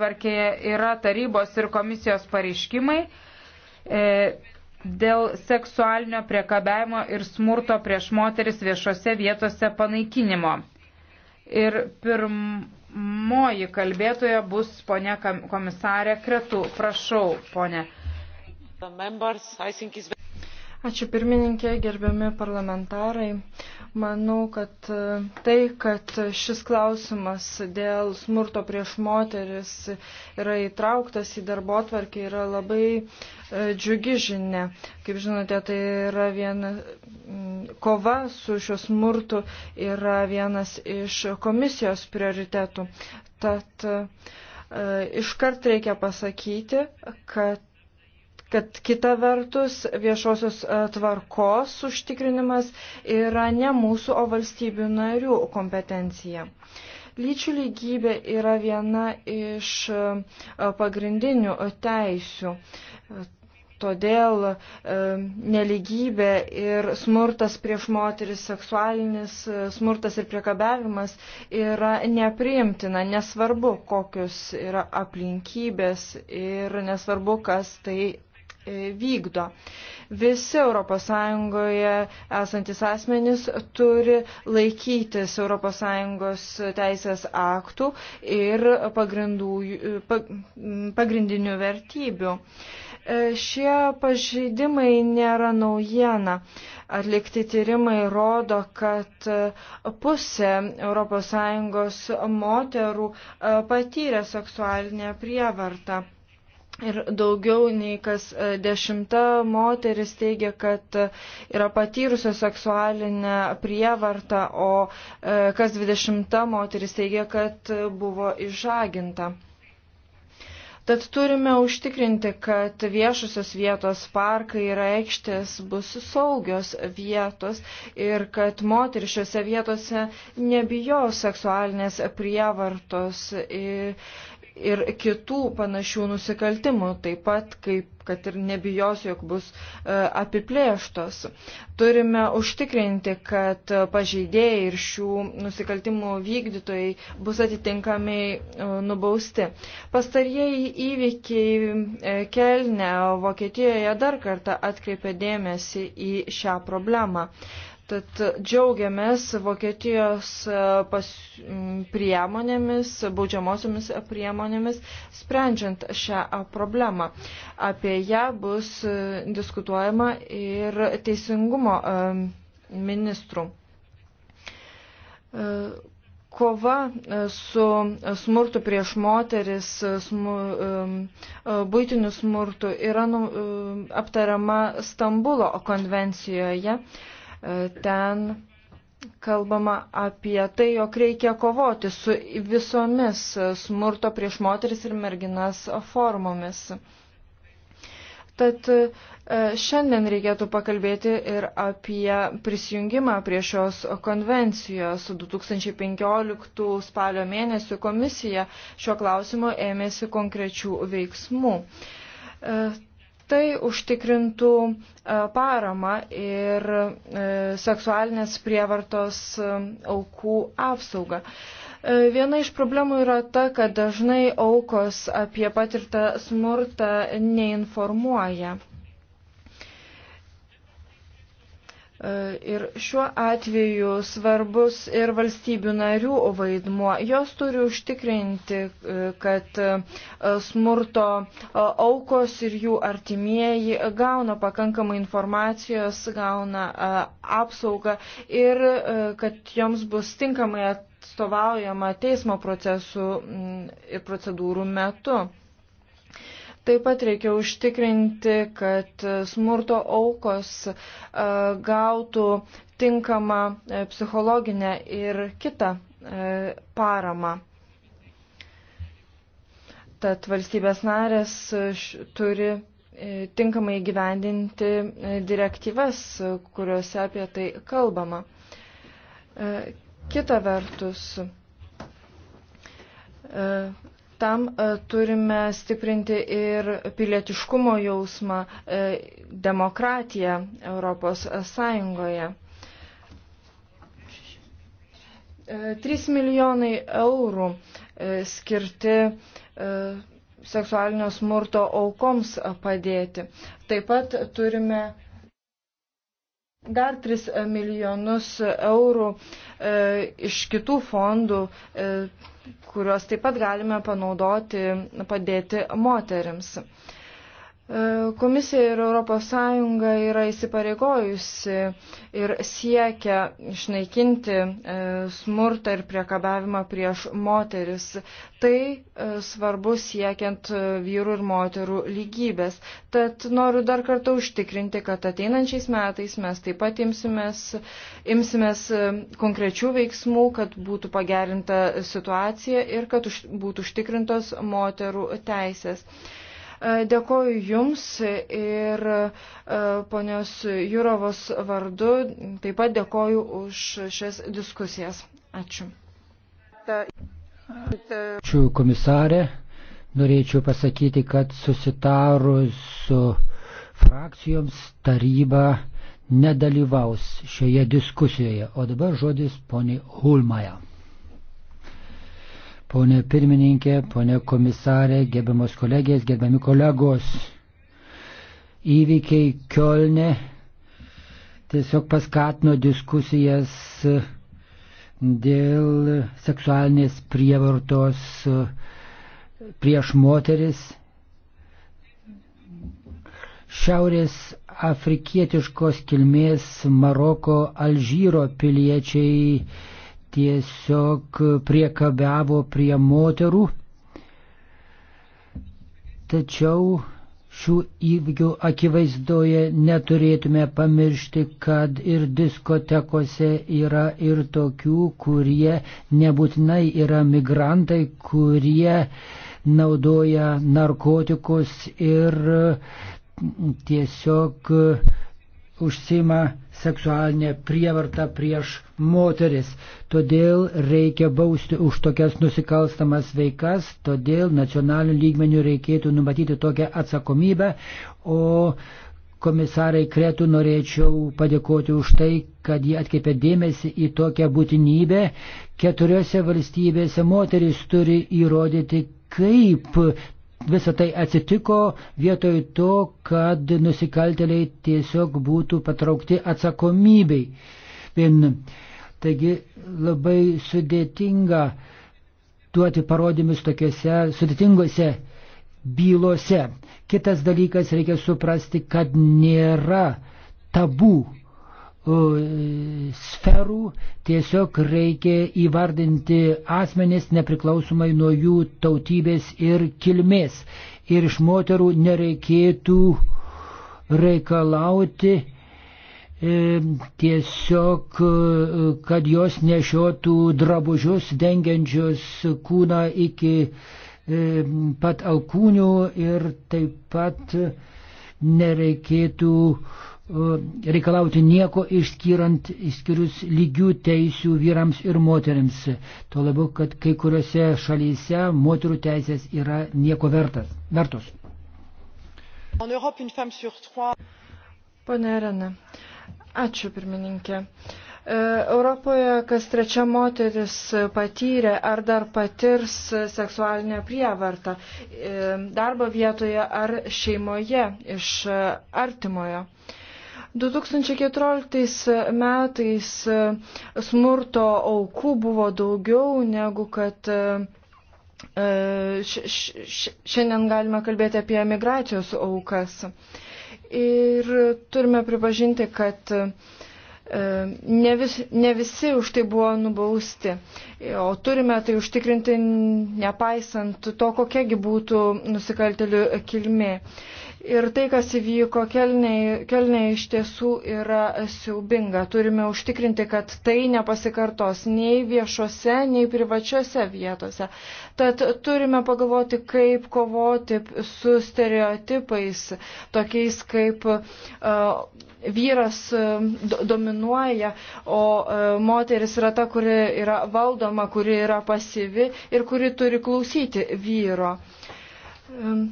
tvarkėje yra tarybos ir komisijos pareiškimai e, dėl seksualinio priekabiavimo ir smurto prieš moteris viešose vietose panaikinimo. Ir pirmoji kalbėtoja bus ponia komisarė Kretu. Prašau, ponia. Ačiū pirmininkė, gerbiami parlamentarai. Manau, kad e, tai, kad šis klausimas dėl smurto prieš moteris yra įtrauktas į darbo atvarkį, yra labai e, džiugi žinia. Kaip žinote, tai yra viena kova su šiuo smurtu yra vienas iš komisijos prioritetų. Tad e, iškart reikia pasakyti, kad kad kita vertus viešosios e, tvarkos užtikrinimas yra ne mūsų, o valstybių narių kompetencija. Lyčių lygybė yra viena iš e, pagrindinių teisių. Todėl e, neligybė ir smurtas prieš moteris, seksualinis e, smurtas ir priekabiavimas yra nepriimtina, nesvarbu, kokius yra aplinkybės ir nesvarbu, kas tai E, vykdo. Visi ES esantis asmenys turi laikytis ES teisės aktų ir pagrindinių vertybių. E, šie pažeidimai nėra naujiena. Atlikti tyrimai rodo, kad pusė ES moterų e, patyrė seksualinę prievartą. Ir daugiau nei kas e, dešimta moteris teigia, kad e, yra patyrusios seksualinę prievartą, o e, kas dvidešimta moteris teigia, kad buvo išžaginta. Tad turime užtikrinti, kad viešusios vietos parkai ir aikštės bus saugios vietos ir kad moteris šiuose vietose nebijo seksualinės prievartos. Ir, ir kitų panašių nusikaltimų, taip pat kaip kad ir nebijos, jog bus e, apiplėštos. Turime užtikrinti, kad pažeidėjai ir šių nusikaltimų vykdytojai bus atitinkamai e, nubausti. Pastarieji įvykiai e, Kelne Vokietijoje dar kartą atkreipė dėmesį į šią problemą. Tad džiaugiamės Vokietijos e, pas, priemonėmis, baudžiamosiomis priemonėmis, sprendžiant šią problemą. Apie ją bus e, diskutuojama ir teisingumo e, ministrų. Kova su smurtu prieš moteris, smu, būtiniu smurtu yra nu, aptariama Stambulo konvencijoje E, ten kalbama apie tai, jog reikia kovoti su visomis smurto prieš moteris ir merginas formomis. Tad e, šiandien reikėtų pakalbėti ir apie prisijungimą prie šios konvencijos. 2015 spalio mėnesį komisija šio klausimo ėmėsi konkrečių veiksmų. E, Tai užtikrintų e, paramą ir e, seksualinės prievartos e, aukų apsaugą. Viena iš problemų yra ta, kad dažnai aukos apie patirtą smurtą neinformuoja. Ir šiuo atveju svarbus ir valstybių narių vaidmuo. Jos turi užtikrinti, e, kad e, smurto e, aukos ir jų artimieji gauna pakankamai informacijos, gauna apsaugą ir kad joms bus tinkamai atstovaujama teismo procesų ir procedūrų metu. Taip pat reikia užtikrinti, kad smurto aukos e, gautų tinkamą e, psichologinę ir kitą e, paramą. Tad valstybės narės turi tinkamai gyvendinti direktyvas, kuriuose apie tai kalbama. Kita vertus, tam e, turime stiprinti ir pilietiškumo jausmą, e, demokratiją Europos Sąjungoje. 3 e, milijonai eurų skirti seksualinio smurto aukoms padėti. Taip pat turime dar 3 milijonus eurų iš kitų fondų kuriuos taip pat galime panaudoti padėti moteriams. Komisija ir ES yra įsipareigojusi ir siekia išnaikinti e, smurtą ir priekabiavimą prieš moteris. Tai e, svarbu siekiant e, vyrų ir moterų lygybės. Tad noriu dar kartą užtikrinti, kad ateinančiais metais mes taip pat imsimės, imsimės konkrečių veiksmų, kad būtų pagerinta situacija ir kad už, būtų užtikrintos moterų teisės. Uh, E, dėkoju Jums ir e, ponios Jurovos vardu. Taip pat dėkoju už šias diskusijas. Ačiū. Ačiū komisarė. Norėčiau pasakyti, kad susitarus su frakcijoms taryba nedalyvaus šioje diskusijoje. O dabar žodis poniai Hulmaja. Pone pirmininkė, pone komisarė, gerbiamos kolegės, gerbiami kolegos. Įvykiai Kielne tiesiog paskatino diskusijas dėl seksualinės prievartos prieš moteris. Šiaurės afrikietiškos kilmės Maroko Alžyro piliečiai tiesiog priekabiavo prie moterų. Tačiau šių įvykių akivaizdoje neturėtume pamiršti, kad ir diskotekose yra ir tokių, kurie nebūtinai yra migrantai, kurie naudoja narkotikus ir tiesiog užsima seksualinę prievartą prieš moteris. Todėl reikia bausti už tokias nusikalstamas veikas, todėl nacionaliniu lygmeniu reikėtų numatyti tokią atsakomybę, o komisarai Kretų norėčiau padėkoti už tai, kad jie atkreipė dėmesį į tokią būtinybę. Keturiose valstybėse moteris turi įrodyti, kaip Visą tai atsitiko vietoj to, kad nusikaltėliai tiesiog būtų patraukti atsakomybei. Vien, taigi labai sudėtinga duoti parodymus tokiuose sudėtingose bylose. Kitas dalykas reikia suprasti, kad nėra tabų sferų, tiesiog reikia įvardinti asmenis nepriklausomai nuo jų tautybės ir kilmės. Ir iš moterų nereikėtų reikalauti e, tiesiog, e, kad jos nešiotų drabužius dengiančius kūną iki e, pat alkūnių ir taip pat nereikėtų reikalauti nieko išskyrant, išskyrus lygių teisių vyrams ir moteriams. Tuo labiau, kad kai kuriuose šalyse moterų teisės yra nieko vertas, vertos. Pane Rena, ačiū pirmininkė. E, Europoje kas trečia moteris patyrė ar dar patirs seksualinę prievartą e, darbo vietoje ar šeimoje iš artimojo. 2014 metais e, smurto aukų buvo daugiau negu kad e, e, šiandien galime kalbėti apie migracijos aukas. Ir turime pripažinti, kad ne, vis, ne visi už tai buvo nubausti. O turime tai užtikrinti nepaisant to, kokiagi būtų nusikaltelių kilmė. Ir tai, kas įvyko kelnė iš tiesų yra siaubinga. Turime užtikrinti, kad tai nepasikartos nei viešose, nei privačiose vietose. Tad turime pagalvoti, kaip kovoti su stereotipais, tokiais kaip uh, vyras uh, dominuoja, o uh, moteris yra ta, kuri yra valdoma, kuri yra pasyvi ir kuri turi klausyti vyro. Um,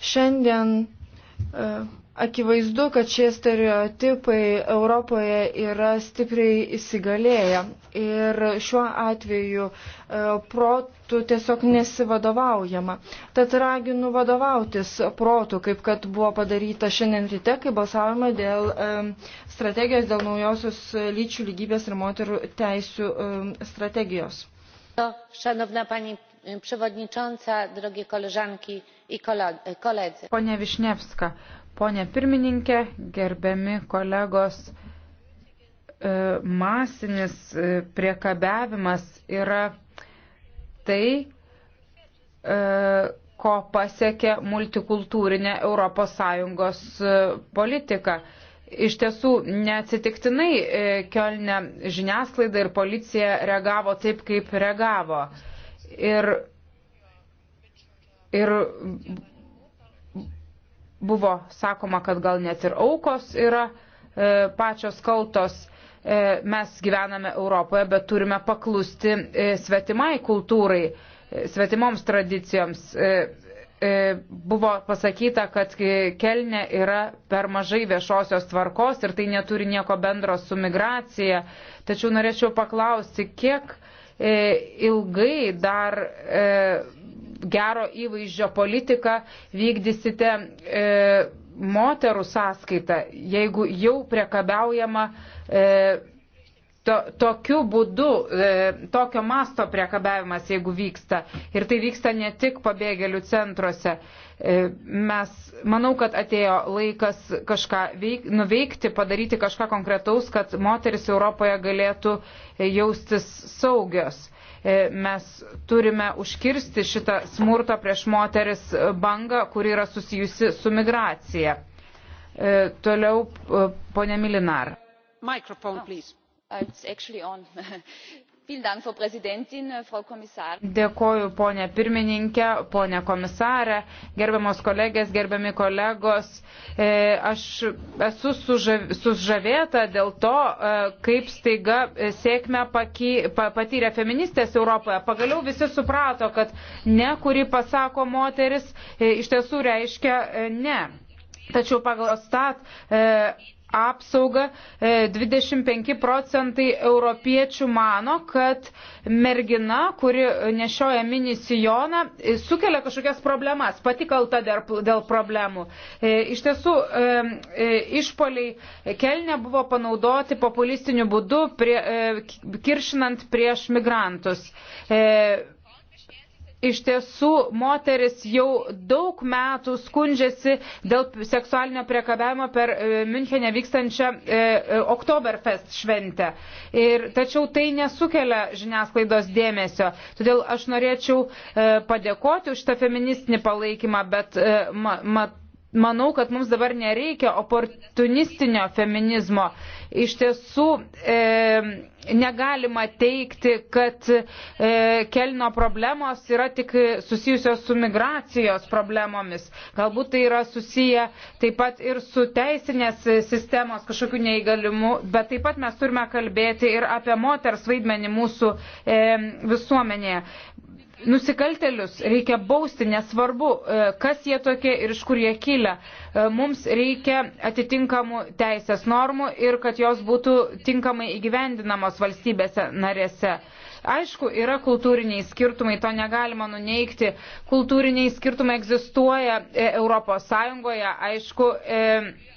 Šiandien e, akivaizdu, kad šie stereotipai Europoje yra stipriai įsigalėję ir šiuo atveju e, protų tiesiog nesivadovaujama. Tad raginu vadovautis protų, kaip kad buvo padaryta šiandien ryte, kai balsavome dėl e, strategijos, dėl naujosios lyčių lygybės ir moterų teisių strategijos. Szanowna Pani Przewodnicząca, drogie koleżanki Pone Višnevska, pone pirmininkė, gerbiami kolegos, e, masinis e, priekabiavimas yra tai, e, ko pasiekė multikultūrinė ES politika. Iš tiesų, neatsitiktinai Kielne žiniasklaida ir policija reagavo taip, kaip reagavo. Ir ir buvo sakoma, kad gal net ir aukos yra e, pačios kaltos. E, mes gyvename Europoje, bet turime paklusti e, svetimai kultūrai, e, svetimoms tradicijoms. E, e buvo pasakyta, kad Kelne yra per mažai viešosios tvarkos ir tai neturi nieko bendro su migracija. Tačiau norėčiau paklausti, kiek e, ilgai dar e, gero įvaizdžio politiką vykdysite e, moterų sąskaitą, jeigu jau priekabiaujama e, to, tokiu būdu, e, tokio masto priekabiavimas, jeigu vyksta. Ir tai vyksta ne tik pabėgėlių centruose. E, mes, manau, kad atėjo laikas kažką veik, nuveikti, padaryti kažką konkretaus, kad moteris Europoje galėtų e, jaustis saugios. E, mes turime užkirsti šitą smurto prieš moteris bangą, kuri yra susijusi su migracija. E, toliau, e, ponė Milinar. Microphone, please. Oh, it's actually on. Dėkoju, ponė pirmininkė, ponė komisarė, gerbiamos kolegės, gerbiami kolegos. E, aš esu sužavėta dėl to, e, kaip staiga e, sėkmę patyrė feministės Europoje. Pagaliau visi suprato, kad ne, kuri pasako moteris, iš tiesų reiškia ne. Tačiau pagal stat. E, apsaugą, 25 e, procentai europiečių mano, kad mergina, kuri nešioja mini sijoną, e, sukelia kažkokias problemas, pati kalta dėl problemų. E, iš tiesų, išpoliai kelne buvo panaudoti populistiniu būdu, prie, kiršinant prieš migrantus iš tiesų moteris jau daug metų skundžiasi dėl seksualinio priekabiavimo per e, Münchenė vykstančią e, e, Oktoberfest šventę. Ir, tačiau tai nesukelia žiniasklaidos dėmesio. Todėl aš norėčiau e, padėkoti už tą feministinį palaikymą, bet e, ma, ma, manau, kad mums dabar nereikia oportunistinio feminizmo. Iš tiesų e, negalima teikti, kad e, kelno problemos yra tik susijusios su migracijos problemomis. Galbūt tai yra susiję taip pat ir su teisinės sistemos kažkokiu neįgalimu, bet taip pat mes turime kalbėti ir apie moters vaidmenį mūsų e, visuomenėje. Nusikaltelius reikia bausti, nesvarbu, e, kas jie tokie ir iš kur jie kyla. E, mums reikia atitinkamų teisės normų ir kad jos būtų tinkamai įgyvendinamos valstybėse narėse. Aišku, yra kultūriniai skirtumai, to negalima nuneikti. Kultūriniai skirtumai egzistuoja e, Europos Sąjungoje, aišku. E,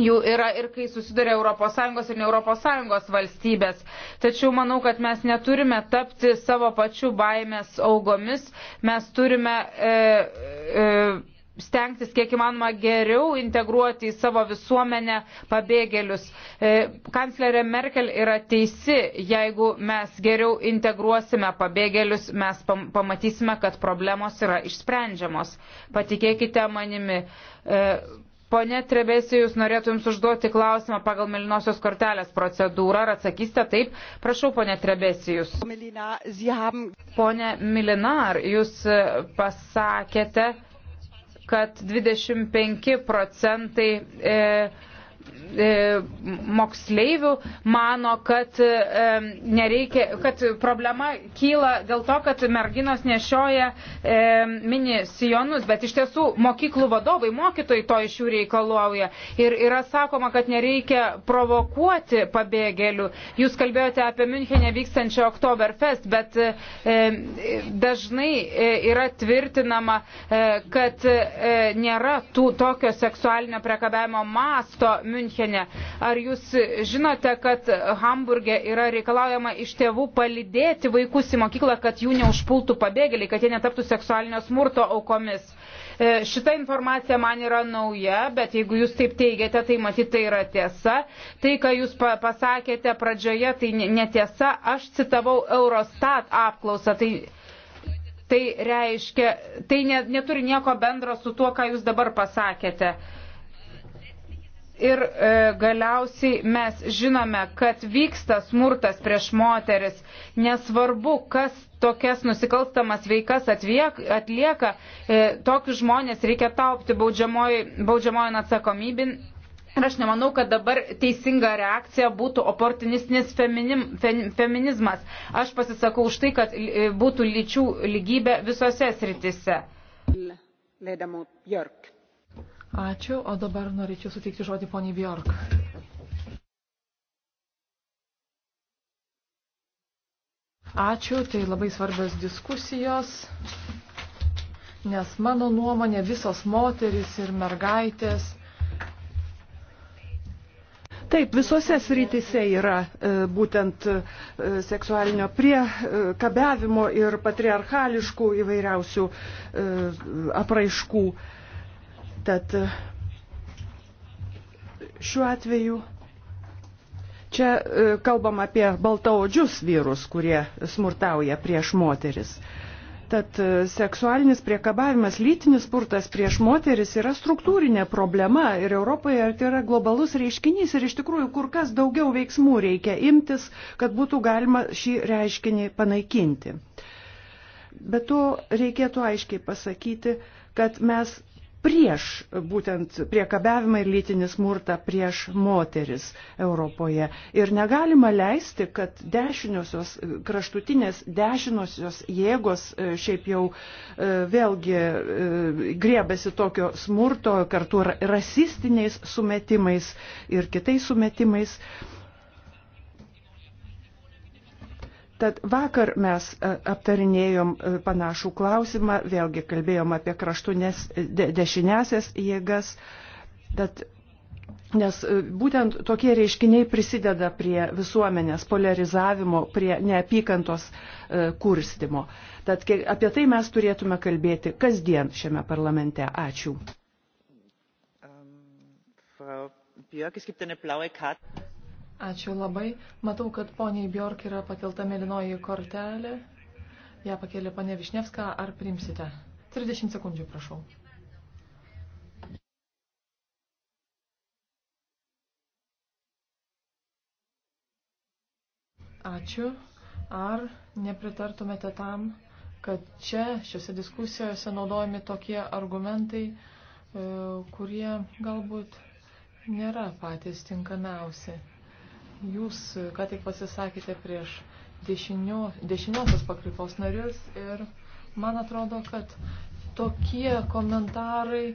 jų yra ir kai susiduria ES ir ne ES valstybės. Tačiau manau, kad mes neturime tapti savo pačių baimės augomis, mes turime e, e, stengtis kiek įmanoma geriau integruoti į savo visuomenę pabėgėlius. E, kanclerė Merkel yra teisi, jeigu mes geriau integruosime pabėgėlius, mes pam pamatysime, kad problemos yra išsprendžiamos. Patikėkite manimi. E, Pone Trebesi, jūs norėtumėm užduoti klausimą pagal Melinosios kortelės procedūrą. Ar atsakysite taip? Prašau, pone Trebesi, jūs. Pone Milinar, jūs e, pasakėte, kad 25 procentai. E, E, moksleivių mano, kad, e, nereikia, kad problema kyla dėl to, kad merginos nešioja e, mini sijonus, bet iš tiesų mokyklų vadovai, mokytojai to iš jų reikalauja. Ir yra sakoma, kad nereikia provokuoti pabėgėlių. Jūs kalbėjote apie Münchenė vykstančio Oktoberfest, bet dažnai yra tvirtinama, kad nėra tų, tokio seksualinio priekabėjimo masto Münchene. Ar jūs žinote, kad Hamburge yra reikalaujama iš tėvų palidėti vaikus į mokyklą, kad jų neužpultų pabėgėliai, kad jie netaptų seksualinio smurto aukomis? E, šita informacija man yra nauja, bet jeigu jūs taip teigiate, tai matyt tai yra tiesa. Tai, ką jūs pasakėte pradžioje, tai netiesa. Aš citavau Eurostat apklausą. Tai tai reiškia, tai ne, neturi nieko bendro su tuo, ką jūs dabar pasakėte. Uh, ir e, galiausiai mes žinome, kad vyksta smurtas prieš moteris. Nesvarbu, kas tokias nusikalstamas veikas atviek, atlieka, e, tokius žmonės reikia taupti baudžiamojon atsakomybin. Ir aš nemanau, kad dabar teisinga reakcija būtų oportunistinis feminim, fem, feminizmas. Aš pasisakau už tai, kad e, būtų lyčių lygybė visose sritise. Ledamo Björk. Ačiū, o dabar norėčiau suteikti žodį poniai Bjork. Ačiū, tai labai svarbios diskusijos, nes mano nuomonė visos moteris ir mergaitės Taip, visose srityse yra e, būtent e, seksualinio priekabiavimo e, ir patriarchališkų įvairiausių e, apraiškų. E, Tad šiuo atveju čia e, kalbam apie baltaodžius vyrus, kurie smurtauja prieš moteris. Tad e, seksualinis priekabavimas, lytinis spurtas prieš moteris yra struktūrinė problema ir Europoje tai yra globalus reiškinys ir iš tikrųjų kur kas daugiau veiksmų reikia imtis, kad būtų galima šį reiškinį panaikinti. Bet to reikėtų aiškiai pasakyti, kad mes prieš būtent priekabiavimą ir lytinį smurtą prieš moteris Europoje. Ir negalima leisti, kad dešiniosios, kraštutinės dešiniosios jėgos e, šiaip jau e, vėlgi e, griebėsi tokio smurto kartu rasistiniais sumetimais ir kitais sumetimais. Tad vakar mes e, aptarinėjom e, panašų klausimą, vėlgi kalbėjom apie kraštutinės de, dešinėsias jėgas, tad, nes e, būtent tokie reiškiniai prisideda prie visuomenės polarizavimo, prie neapykantos kurstimo. Tad apie tai mes turėtume kalbėti kasdien šiame parlamente. Ačiū. Um, Frau Björk, es gibt eine blaue Karte. Ačiū labai. Matau, kad poniai Bjork yra pakelta mėlynoji kortelė. Ja pakėlė ponė Višnevska. Ar priimsite? 30 sekundžių, prašau. Ačiū. Ar nepritartumėte tam, kad čia, šiuose diskusijose naudojami tokie argumentai, e, kurie galbūt nėra patys tinkamiausi? Jūs e, ką tik pasisakėte prieš dešinio, dešiniosios pakraipos narius ir man atrodo, kad tokie komentarai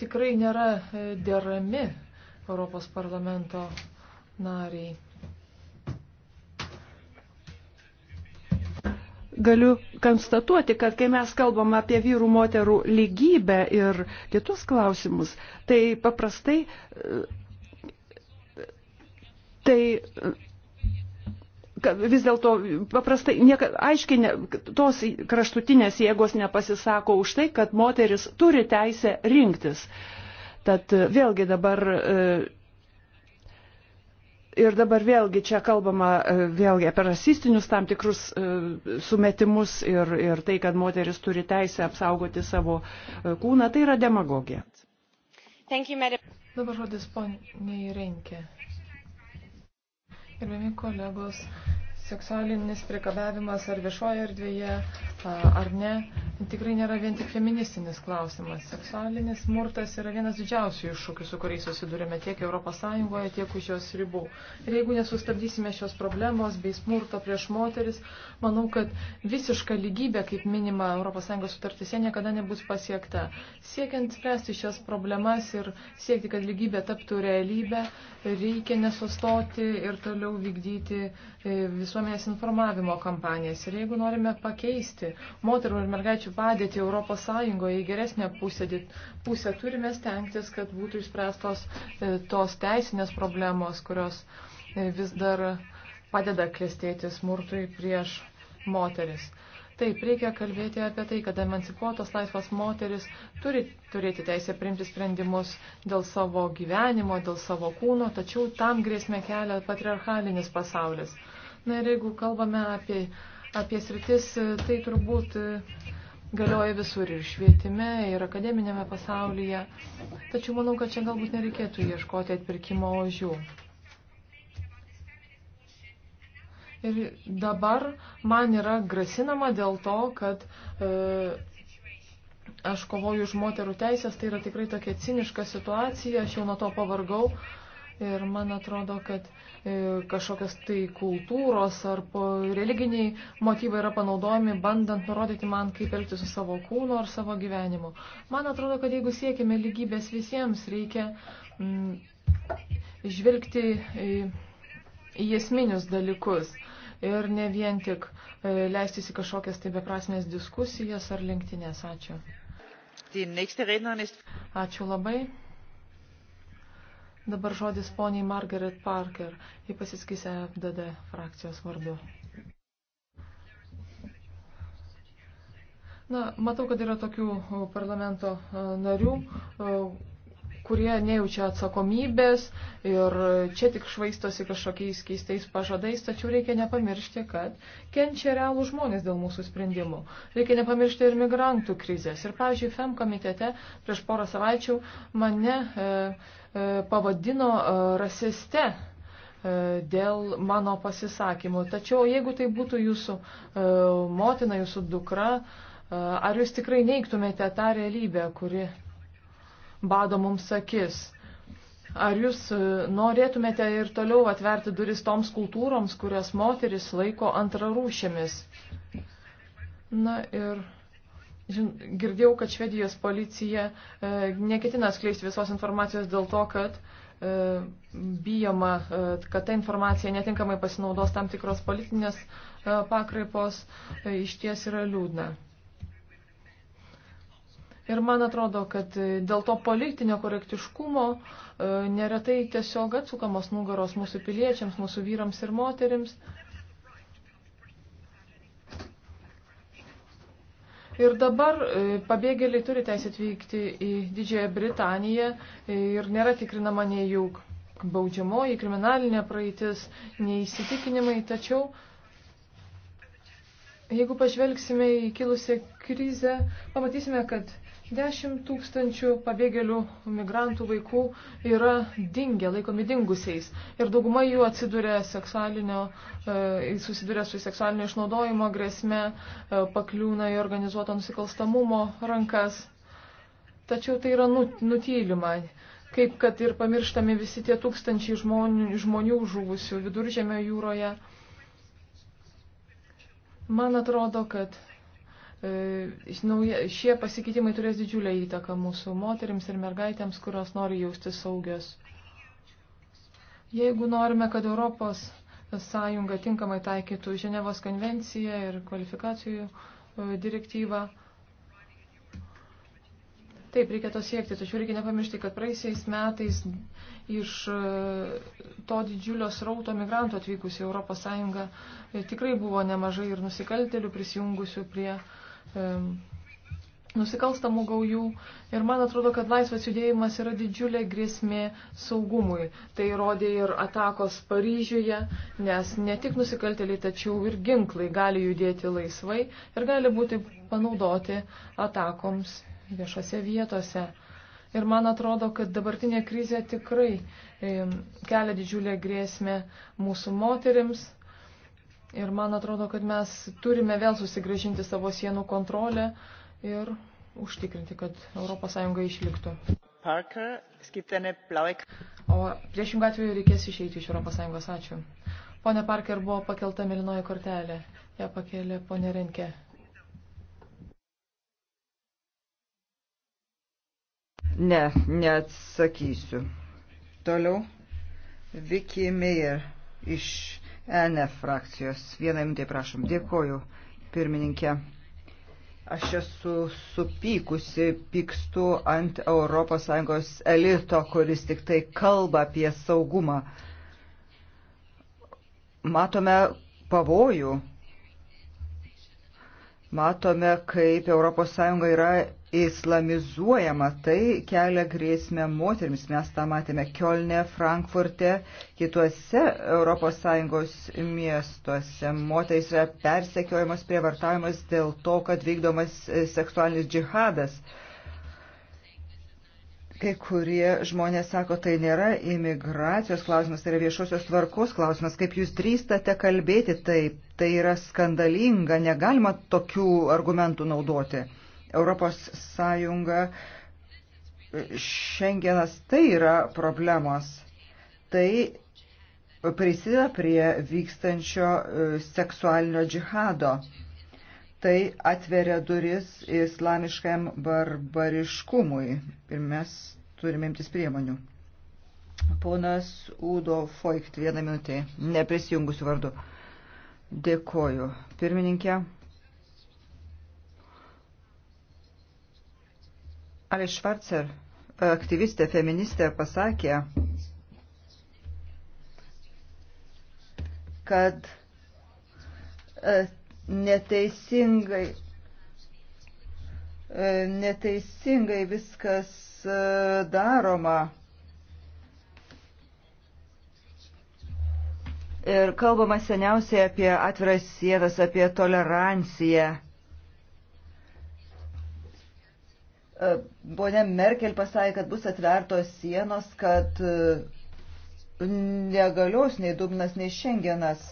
tikrai nėra e, derami Europos parlamento nariai. galiu konstatuoti, kad kai mes kalbam apie vyrų moterų lygybę ir kitus klausimus, tai paprastai e, Tai vis dėlto paprastai, nieka, aiškiai, ne, tos kraštutinės jėgos nepasisako už tai, kad moteris turi teisę rinktis. Tad e, vėlgi dabar. E, ir dabar vėlgi čia kalbama e, vėlgi apie rasistinius tam tikrus sumetimus ir, ir tai, kad moteris turi teisę apsaugoti savo kūną, tai yra demagogija. You, Dabar žodis poniai Renkė. Gerbiami kolegos, seksualinis priekabiavimas ar viešoje erdvėje ar ne, tikrai nėra vien tik feministinis klausimas. Seksualinis smurtas yra vienas didžiausių iššūkių, su kuriais susidurime tiek ES, tiek už jos ribų. Ir jeigu nesustabdysime šios problemos bei smurto prieš moteris, manau, kad visiška lygybė, kaip minima ES sutartise, niekada nebus pasiekta. Siekiant spręsti šias problemas ir siekti, kad lygybė taptų realybę, reikia nesustoti ir toliau vykdyti e, visuomenės visuomenės informavimo kampanijas. Ir jeigu norime pakeisti moterų ir mergaičių padėtį ES į geresnę pusę, pusę, turime stengtis, kad būtų išspręstos e, tos teisinės problemos, kurios e, vis dar padeda klestėti smurtui prieš moteris. Taip, reikia kalbėti apie tai, kad emancipuotos laisvas moteris turi turėti teisę priimti sprendimus dėl savo gyvenimo, dėl savo kūno, tačiau tam grėsmė kelia patriarchalinis pasaulis. Na ir jeigu kalbame apie, apie sritis, tai turbūt galioja visur ir švietime, ir akademinėme pasaulyje. Tačiau manau, kad čia galbūt nereikėtų ieškoti atpirkimo ožių. Ir dabar man yra grasinama dėl to, kad e, aš kovoju už moterų teisės, tai yra tikrai tokia ciniška situacija, aš jau nuo to pavargau. E, Ir man atrodo, kad e, kažkokios tai kultūros ar religiniai motyvai yra panaudojami, bandant nurodyti man, kaip elgti su savo kūnu ar savo gyvenimu. Man atrodo, kad jeigu siekime lygybės visiems, reikia mm, žvelgti į, į esminius dalykus ir ne vien tik e, leistis į kažkokias tai beprasmės diskusijas ar lenktynės. Ačiū. Ačiū labai. Dabar žodis poniai Margaret Parker, jį pasiskysė FDD frakcijos vardu. Na, matau, kad yra tokių parlamento narių, kurie nejaučia atsakomybės ir čia tik švaistosi kažkokiais keistais pažadais, tačiau reikia nepamiršti, kad kenčia realų žmonės dėl mūsų sprendimų. Reikia nepamiršti ir migrantų krizės. Ir, pavyzdžiui, FEM komitete prieš porą savaičių mane. E, E, pavadino e, rasiste e, dėl mano pasisakymų. Tačiau jeigu tai būtų jūsų motina, jūsų dukra, ar jūs tikrai neiktumėte tą realybę, kuri bado mums akis? Ar jūs norėtumėte ir toliau atverti duris toms kultūroms, kurias moteris laiko antrarūšėmis? Na ir Girdėjau, kad Švedijos policija e, neketina skleisti visos informacijos dėl to, kad e, bijoma, e, kad ta informacija netinkamai pasinaudos tam tikros politinės pakraipos, iš ties yra liūdna. Ir man atrodo, kad dėl to politinio korektiškumo neretai tiesiog atsukamos nugaros mūsų piliečiams, mūsų vyrams ir moterims. Ir dabar e, pabėgėliai turi teisę atvykti į Didžiąją Britaniją ir nėra tikrinama nei jų baudžiamoji, kriminalinė praeitis, nei įsitikinimai. Tačiau, jeigu pažvelgsime į kilusią krizę, pamatysime, kad Dešimt tūkstančių pabėgėlių migrantų vaikų yra dingę, laikomi dingusiais. Ir dauguma jų atsiduria, seksualinio, e, susiduria su seksualinio išnaudojimo grėsme, e, pakliūna į organizuoto nusikalstamumo rankas. Tačiau tai yra nutylima kaip kad ir pamirštami visi tie tūkstančiai žmonių, žmonių žuvusių viduržėmio jūroje. Man atrodo, kad E, šie pasikeitimai turės didžiulę įtaką mūsų moteriams ir mergaitėms, kurios nori jausti saugios. Jeigu norime, kad Europos sąjunga tinkamai taikytų Ženevos konvenciją ir kvalifikacijų e, direktyvą, Taip, reikia to siekti, tačiau reikia nepamiršti, kad praeisiais metais iš e, to didžiulio srauto migrantų atvykusių į ES tikrai buvo nemažai ir nusikaltelių prisijungusių prie uh, nusikalstamų gaujų. Ir man atrodo, kad laisvas judėjimas yra didžiulė grėsmė saugumui. Tai rodė ir atakos Paryžiuje, nes ne tik nusikaltėliai, tačiau ir ginklai gali judėti laisvai ir gali būti panaudoti atakoms viešose vietose. Ir man atrodo, kad dabartinė krizė tikrai kelia didžiulę grėsmę mūsų moterims, Ir man atrodo, kad mes turime vėl susigražinti savo sienų kontrolę ir užtikrinti, kad ES išliktų. Parker, o priešingų atveju reikės išeiti iš ES. Ačiū. Pone Parker buvo pakelta milinoji kortelė. Ja pakėlė ponė Renke. Ne, neatsakysiu. Toliau. Vicky Meyer iš NF e frakcijos. Vieną minutę prašom. Dėkoju, pirmininkė. Aš esu supykusi, pykstu ant ES elito, kuris tik tai kalba apie saugumą. Matome pavojų matome, kaip ES yra islamizuojama, tai kelia grėsmę moteriams. Mes tą matėme Kielne, Frankfurte, kituose ES miestuose. Moteris yra persekiojamas, prievartavimas dėl to, kad vykdomas seksualinis džihadas. Uh, Kai kurie žmonės sako, tai nėra imigracijos klausimas, tai yra viešosios tvarkos klausimas. Kaip jūs drįstate kalbėti taip, tai yra skandalinga, negalima tokių argumentų naudoti. Europos Sąjunga, šiandienas tai yra problemos. Tai prisideda prie vykstančio e, seksualinio džihado tai atveria duris islamiškam barbariškumui ir mes turime imtis priemonių. Ponas Udo Foikt, vieną minutę, neprisijungusiu vardu. Dėkoju. Pirmininkė. Ale Švarcer, aktyvistė, feministė, pasakė, kad e, neteisingai, e, neteisingai viskas e, daroma. Ir kalbama seniausiai apie atviras sienas, apie toleranciją. E, Pone Merkel pasakė, kad bus atvertos sienos, kad negalios nei Dubnas, nei Šengenas.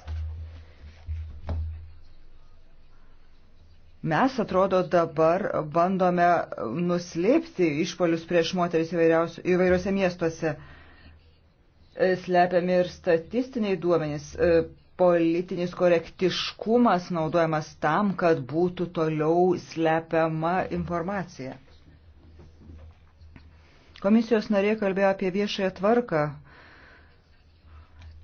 Mes, atrodo, dabar bandome nuslėpti išpolius prieš moteris įvairiuose miestuose. E, slepiami ir statistiniai duomenys. E, politinis korektiškumas naudojamas tam, kad būtų toliau slepiama informacija. Komisijos narė kalbėjo apie viešąją tvarką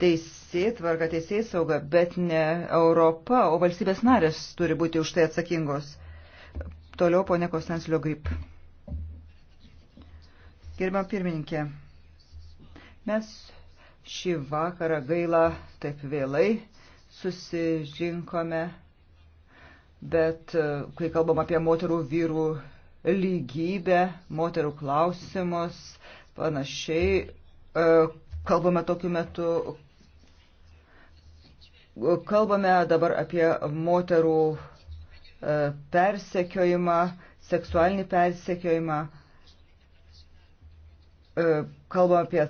teisė tvarka, teisė sauga, bet ne Europa, o valstybės narės turi būti už tai atsakingos. Toliau ponė Konstantinio Grip. Gerbiam pirmininkė, mes šį vakarą gaila taip vėlai susižinkome, bet e, kai kalbam apie moterų vyrų lygybę, moterų klausimus, panašiai, e, kalbame tokiu metu, Kalbame dabar apie moterų e, persekiojimą, seksualinį persekiojimą. E, Kalbame apie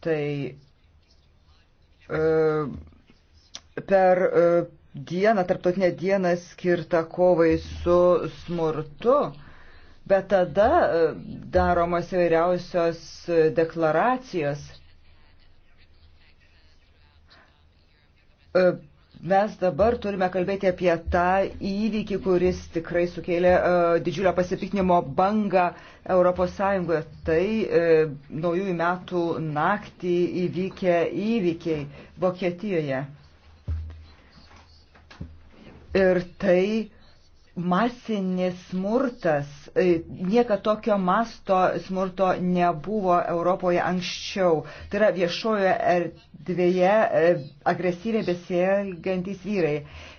tai e, per dieną, tarptautinę dieną skirtą kovai su smurtu. Bet tada daromos įvairiausios deklaracijos E, mes dabar turime kalbėti apie tą įvykį, kuris tikrai sukėlė uh, e, didžiulio pasipiknimo bangą Europos Sąjungoje. Tai uh, naujųjų metų naktį įvykę įvykiai Vokietijoje. Ir tai masinis smurtas, niekad tokio masto smurto nebuvo Europoje anksčiau. Tai yra viešojo erdvėje erdvėje e, agresyviai besielgiantys vyrai.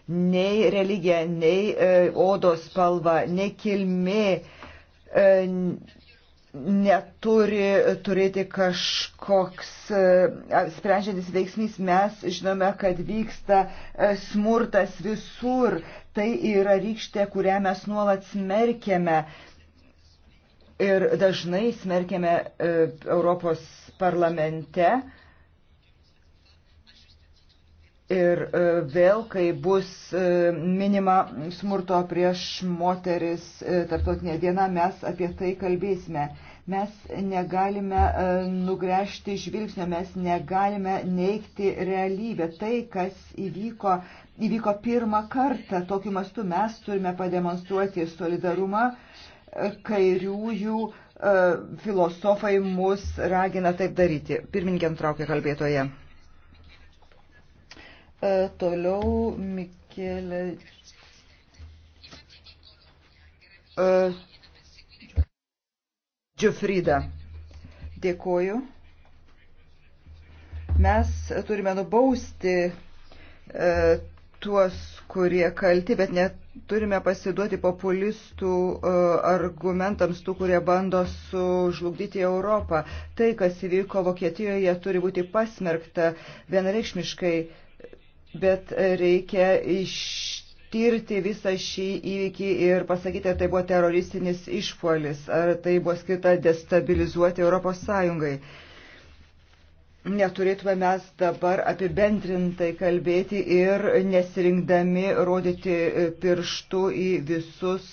Nei religija, nei e, odos spalva, nei kilmė e, neturi turėti kažkoks sprendžiantis veiksmys. Mes žinome, kad vyksta smurtas visur. Tai yra rykštė, kurią mes nuolat smerkėme. Ir dažnai smerkėme Europos parlamente. Ir e, vėl, kai bus e, minima smurto prieš moteris e, tarptautinė diena, mes apie tai kalbėsime. Mes negalime nugręžti žvilgsnio, mes negalime neikti realybę. Tai, kas įvyko, įvyko pirmą kartą tokiu mastu, mes turime pademonstruoti solidarumą kairiųjų filosofai mus ragina taip daryti. Pirmininkė nutraukė kalbėtoje. E, toliau Mikėlė. E, Džiufrida. Dėkoju. Mes turime nubausti e, tuos, kurie kalti, bet neturime pasiduoti populistų argumentams tų, kurie bando sužlugdyti Europą. Tai, kas įvyko Vokietijoje, turi būti pasmerkta vienareikšmiškai bet reikia ištirti visą šį įvykį ir pasakyti, ar tai buvo teroristinis išpuolis, ar tai buvo skirta destabilizuoti Europos Sąjungai. Neturėtume mes dabar apibendrintai kalbėti ir nesirinkdami rodyti pirštų į visus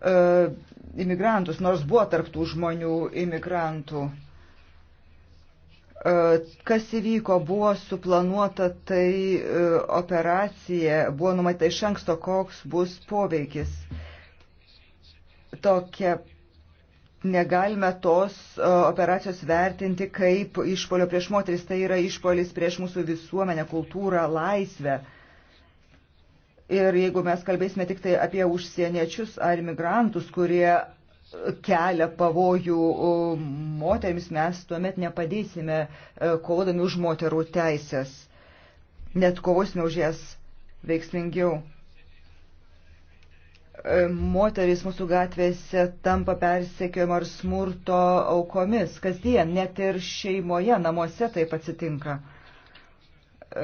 uh, imigrantus, nors buvo tarptų žmonių imigrantų. E, kas įvyko, buvo suplanuota tai e, operacija, buvo numatyta iš anksto, koks bus poveikis. Tokia negalime tos e, operacijos vertinti kaip išpolio prieš moteris, tai yra išpolis prieš mūsų visuomenę, kultūrą, laisvę. Ir jeigu mes kalbėsime tik tai apie užsieniečius ar migrantus, kurie kelia pavojų moteriams, mes tuomet nepadėsime e, kovodami už moterų teisės. Net kovosime už jas veiksmingiau. E, moteris mūsų gatvėse tampa persekiojimo ar smurto aukomis kasdien, net ir šeimoje, namuose taip atsitinka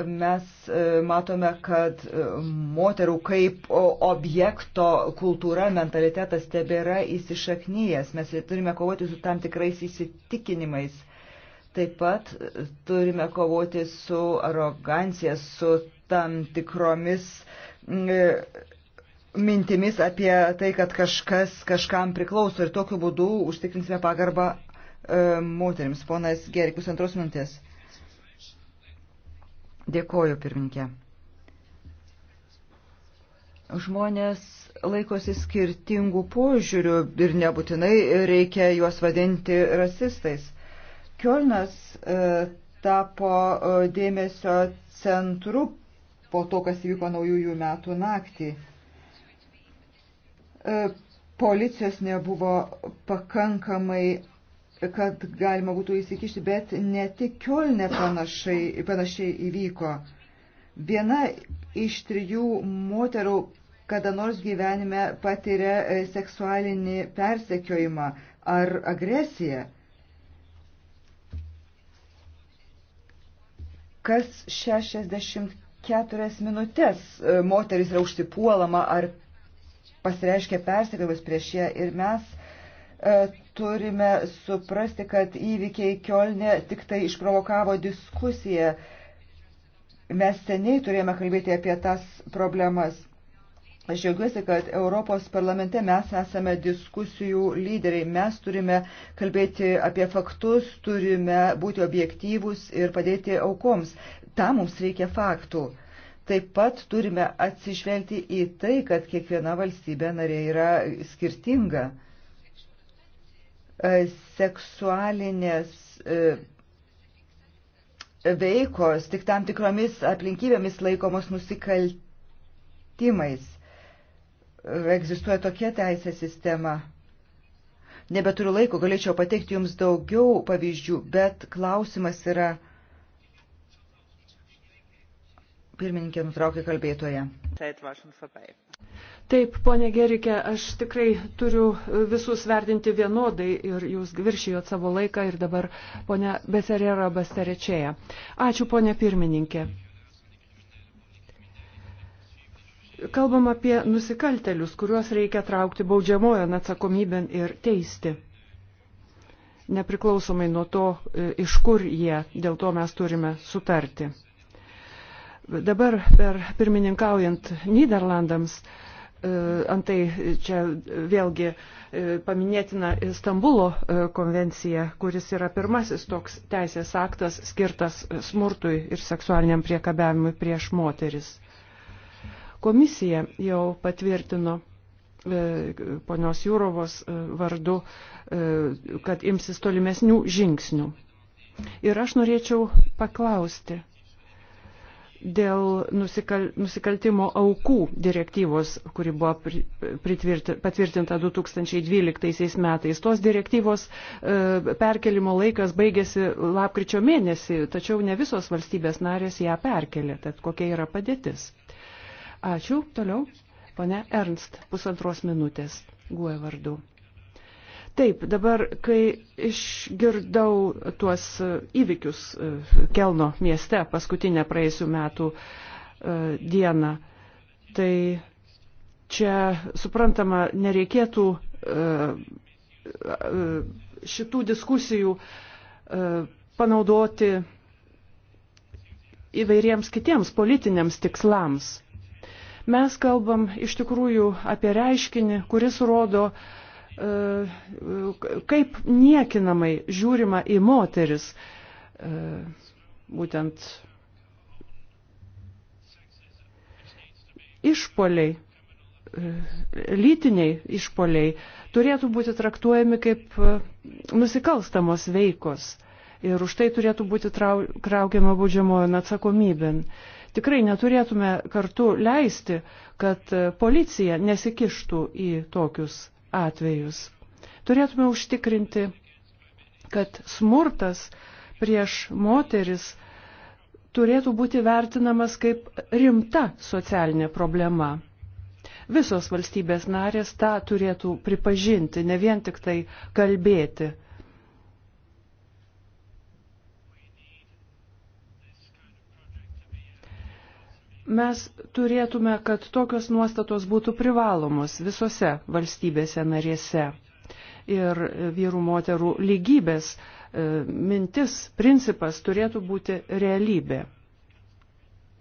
mes e, matome, kad e, moterų kaip objekto kultūra, mentalitetas tebėra įsišaknyjas. Mes turime kovoti su tam tikrais įsitikinimais. Taip pat e, turime kovoti su arogancija, su tam tikromis mintimis apie tai, kad kažkas kažkam priklauso ir tokiu būdu užtikrinsime pagarbą moteriams. Ponas Gerikus, antros minutės. Dėkoju, pirminkė. Žmonės laikosi skirtingų požiūrių ir nebūtinai reikia juos vadinti rasistais. Kielnas e, tapo e, dėmesio centru po to, kas įvyko naujųjų metų naktį. E, policijos nebuvo pakankamai kad galima būtų įsikišti, bet ne tik kiolne panašiai, panašiai įvyko. Viena iš trijų moterų kada nors gyvenime patiria e, seksualinį persekiojimą ar agresiją. Kas 64 minutės e, moteris yra užsipuolama ar pasireiškia persekiojimas prieš ją ir mes E, turime suprasti, kad įvykiai Kielne tik tai išprovokavo diskusiją. Mes seniai turėjome kalbėti apie tas problemas. Aš džiaugiuosi, kad Europos parlamente mes esame diskusijų lyderiai. Mes turime kalbėti apie faktus, turime būti objektyvūs ir padėti aukoms. Tam mums reikia faktų. Taip pat turime atsižvelgti į tai, kad kiekviena valstybė narė yra skirtinga. E, seksualinės e, veikos tik tam tikromis aplinkybėmis laikomos nusikaltimais. Egzistuoja tokia teisė sistema. Nebeturiu laiko, galėčiau pateikti jums daugiau pavyzdžių, bet klausimas yra. Pirmininkė nutraukė kalbėtoje. Taip, ponė Gerikė, aš tikrai turiu visus vertinti vienodai ir jūs viršijot savo laiką ir dabar ponė Beserera Basterečėja. Ačiū, ponė pirmininkė. Kalbam apie nusikaltelius, kuriuos reikia traukti baudžiamojon atsakomybėn ir teisti. Nepriklausomai nuo to, e, iš kur jie, dėl to mes turime sutarti. Dabar per pirmininkaujant Niderlandams E, antai čia vėlgi e, paminėtina Stambulo e, konvencija, kuris yra pirmasis toks teisės aktas skirtas smurtui ir seksualiniam priekabiavimui prieš moteris. Komisija jau patvirtino ponios Jūrovos vardu, kad imsis tolimesnių žingsnių. Ir aš norėčiau paklausti, dėl nusikal, nusikaltimo aukų direktyvos, kuri buvo patvirtinta 2012 metais. Tos direktyvos e, perkelimo laikas baigėsi lapkričio mėnesį, tačiau ne visos valstybės narės ją perkelė. Tad kokia yra padėtis? Ačiū. Toliau. Pone Ernst, pusantros minutės. Guoja vardu. Taip, dabar, kai išgirdau tuos e, įvykius e, Kelno mieste paskutinę praėjusių metų e, dieną, tai čia, suprantama, nereikėtų šitų diskusijų panaudoti įvairiems kitiems politiniams tikslams. Mes kalbam iš tikrųjų apie reiškinį, kuris rodo, uh, kaip niekinamai žiūrima į moteris, būtent išpoliai, lytiniai išpoliai turėtų būti traktuojami kaip nusikalstamos veikos ir už tai turėtų būti traukiama baudžiamojon atsakomybėn. Tikrai neturėtume kartu leisti, kad policija nesikištų į tokius atvejus. Turėtume užtikrinti, kad smurtas prieš moteris turėtų būti vertinamas kaip rimta socialinė problema. Visos valstybės narės tą turėtų pripažinti, ne vien tik tai kalbėti mes turėtume, kad tokios nuostatos būtų privalomos visose valstybėse narėse. Ir vyrų moterų lygybės e, mintis, principas turėtų būti realybė.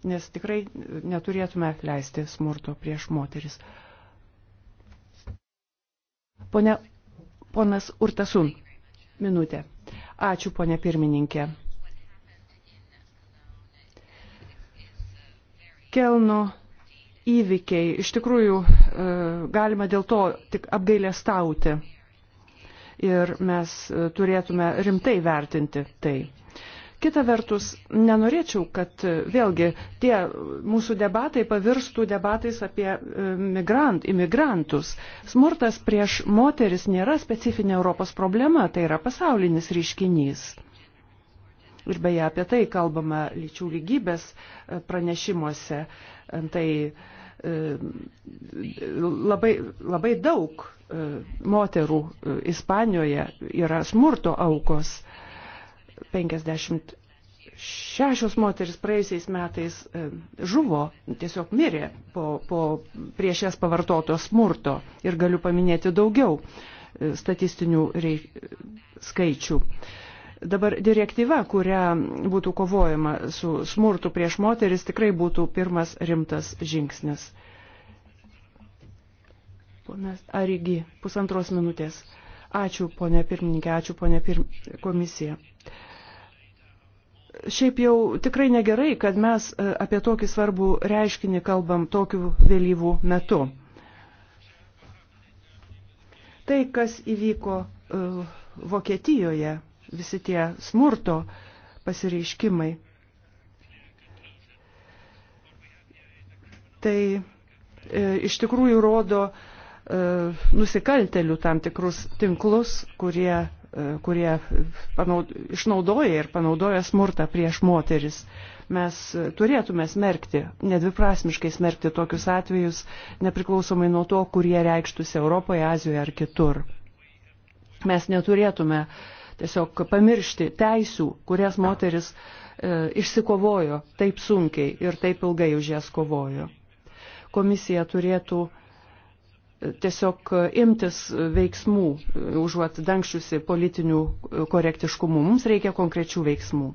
Nes tikrai neturėtume leisti smurto prieš moteris. Pone, ponas Urtasun, minutė. Ačiū, ponė pirmininkė. Kelno įvykiai. Iš tikrųjų, e, galima dėl to tik apgailėstauti. Ir mes e, turėtume rimtai vertinti tai. Kita vertus, nenorėčiau, kad e, vėlgi tie mūsų debatai pavirstų debatais apie migrant, imigrantus. Smurtas prieš moteris nėra specifinė Europos problema, tai yra pasaulinis ryškinys. Ir beje, apie tai kalbama lyčių lygybės e, pranešimuose. Tai labai, labai daug e, moterų Ispanijoje yra smurto aukos. 56 moteris praėjusiais metais žuvo, tiesiog mirė po, po prieš jas pavartoto smurto ir galiu paminėti daugiau statistinių rei, skaičių. Dabar direktyva, kuria būtų kovojama su smurtu prieš moteris, tikrai būtų pirmas rimtas žingsnis. Ponas Arigi, pusantros minutės. Ačiū, ponė pirmininkė, ačiū, ponė pirm... komisija. Šiaip jau tikrai negerai, kad mes e, apie tokį svarbų reiškinį kalbam tokiu vėlyvų metu. Tai, kas įvyko uh, Vokietijoje, visi tie smurto pasireiškimai. Tai e, iš tikrųjų rodo e, nusikaltelių tam tikrus tinklus, kurie, e, kurie panaud, išnaudoja ir panaudoja smurtą prieš moteris. Mes turėtume smerkti, nedviprasmiškai smerkti tokius atvejus, nepriklausomai nuo to, kurie reikštųsi Europoje, Azijoje ar kitur. Mes neturėtume uh, tiesiog pamiršti teisų, kurias moteris e, išsikovojo taip sunkiai ir taip ilgai už jas kovojo. Komisija turėtų e, tiesiog e, imtis veiksmų, e, užuot dangščiusi politinių korektiškumų. Mums reikia konkrečių veiksmų.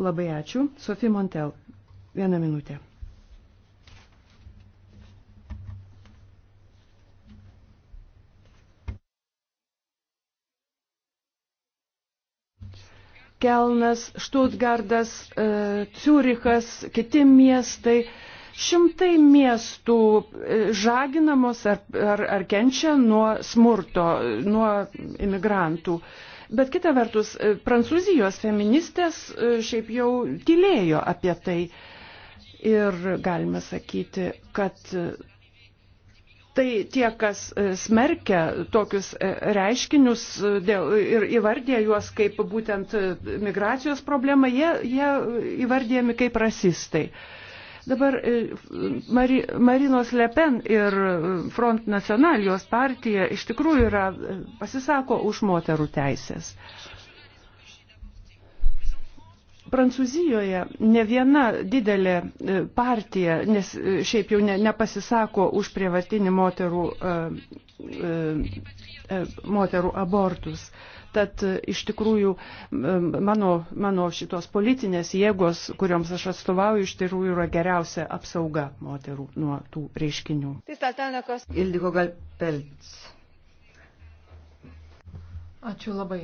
Labai ačiū. Sofija Montel, vieną minutę. Kelnas, Štutgardas, e, Ciurichas, kiti miestai. Šimtai miestų e, žaginamos ar, ar, ar kenčia nuo smurto, nuo imigrantų. Bet kita vertus, e, prancūzijos feministės šiaip jau tylėjo apie tai. Ir galime sakyti, kad Tai tie, kas e, smerkia tokius e, reiškinius e, dėl, ir įvardė juos kaip būtent migracijos problemą, jie, jie įvardėjami kaip rasistai. Dabar Mari, Marinos Lepen ir Front National, jos partija, iš tikrųjų yra, pasisako už moterų teisės. Uh, Prancūzijoje ne viena didelė e, partija, nes e, šiaip jau ne, nepasisako už prievartinį moterų, e, moterų abortus. Tad iš tikrųjų mano, mano šitos politinės jėgos, kurioms aš atstovauju, iš tikrųjų yra geriausia apsauga moterų nuo tų reiškinių. Ildiko Galpelts. Ačiū labai.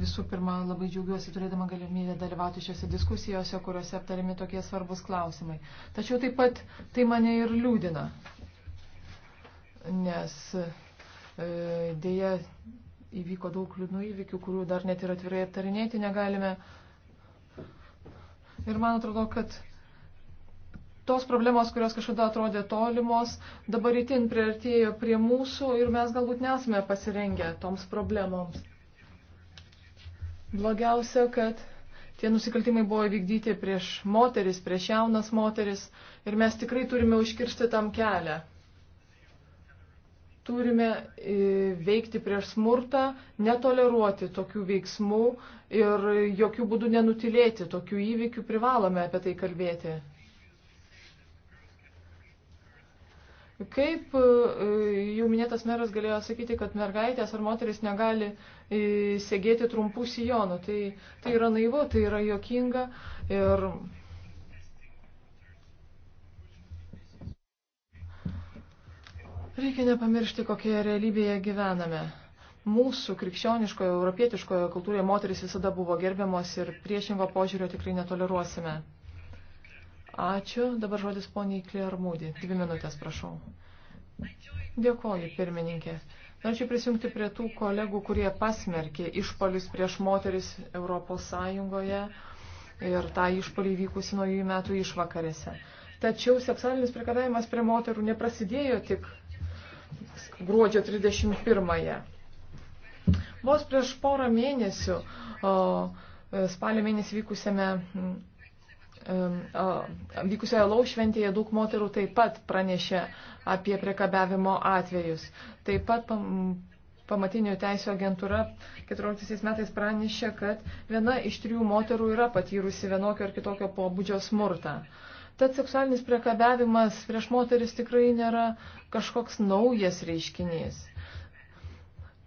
Visų pirma, labai džiaugiuosi turėdama galimybę dalyvauti šiuose diskusijose, kuriuose aptarimi tokie svarbus klausimai. Tačiau taip pat tai mane ir liūdina, nes e, dėja įvyko daug liūdnų įvykių, kurių dar net ir atvirai aptarinėti negalime. Ir man atrodo, kad tos problemos, kurios kažkada atrodė tolimos, dabar itin priartėjo prie mūsų ir mes galbūt nesame pasirengę toms problemoms. Blogiausia, kad tie nusikaltimai buvo vykdyti prieš moteris, prieš jaunas moteris ir mes tikrai turime užkirsti tam kelią. Turime e, veikti prieš smurtą, netoleruoti tokių veiksmų ir jokių būdų nenutilėti tokių įvykių, privalome apie tai kalbėti. Kaip e, jau minėtas meras galėjo sakyti, kad mergaitės ar moteris negali e, segėti trumpų sijonų? Tai, tai yra naivu, tai yra jokinga ir. Reikia nepamiršti, kokioje realybėje gyvename. Mūsų krikščioniškoje, europietiškoje kultūroje moteris visada buvo gerbiamos ir priešingo požiūrio tikrai netoleruosime. Ačiū. Dabar žodis poniai Kliermūdį. Dvi minutės, prašau. Dėkoju, pirmininkė. Norėčiau prisijungti prie tų kolegų, kurie pasmerkė išpolius prieš moteris Europos Sąjungoje ir tą išpolį vykusi naujųjų metų išvakarėse. Tačiau seksualinis prikadavimas prie moterų neprasidėjo tik gruodžio 31-ąją. Vos prieš porą mėnesių, o, spalio mėnesį vykusiame vykusioje laušventėje daug moterų taip pat pranešė apie priekabiavimo atvejus. Taip pat pamatinių teisų agentūra 14 metais pranešė, kad viena iš trijų moterų yra patyrusi vienokio ar kitokio pobūdžio smurtą. Tad seksualinis priekabiavimas prieš moteris tikrai nėra kažkoks naujas reiškinys.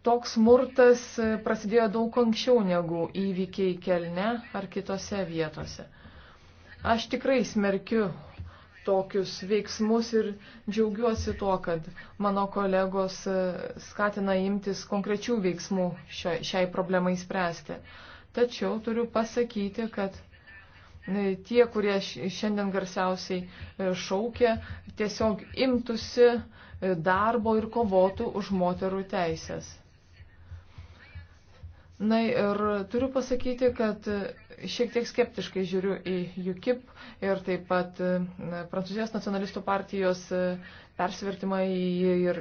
Toks smurtas prasidėjo daug anksčiau negu įvykiai kelne ar kitose vietose. Aš tikrai smerkiu tokius veiksmus ir džiaugiuosi tuo, kad mano kolegos e, skatina imtis konkrečių veiksmų šiai, šiai problemai spręsti. Tačiau turiu pasakyti, kad e, tie, kurie šiandien garsiausiai e, šaukia, tiesiog imtųsi darbo ir kovotų už moterų teisės. Na ir turiu pasakyti, kad šiek tiek skeptiškai žiūriu į UKIP ir taip pat na, Prancūzijos nacionalistų partijos e, persvertimą į, ir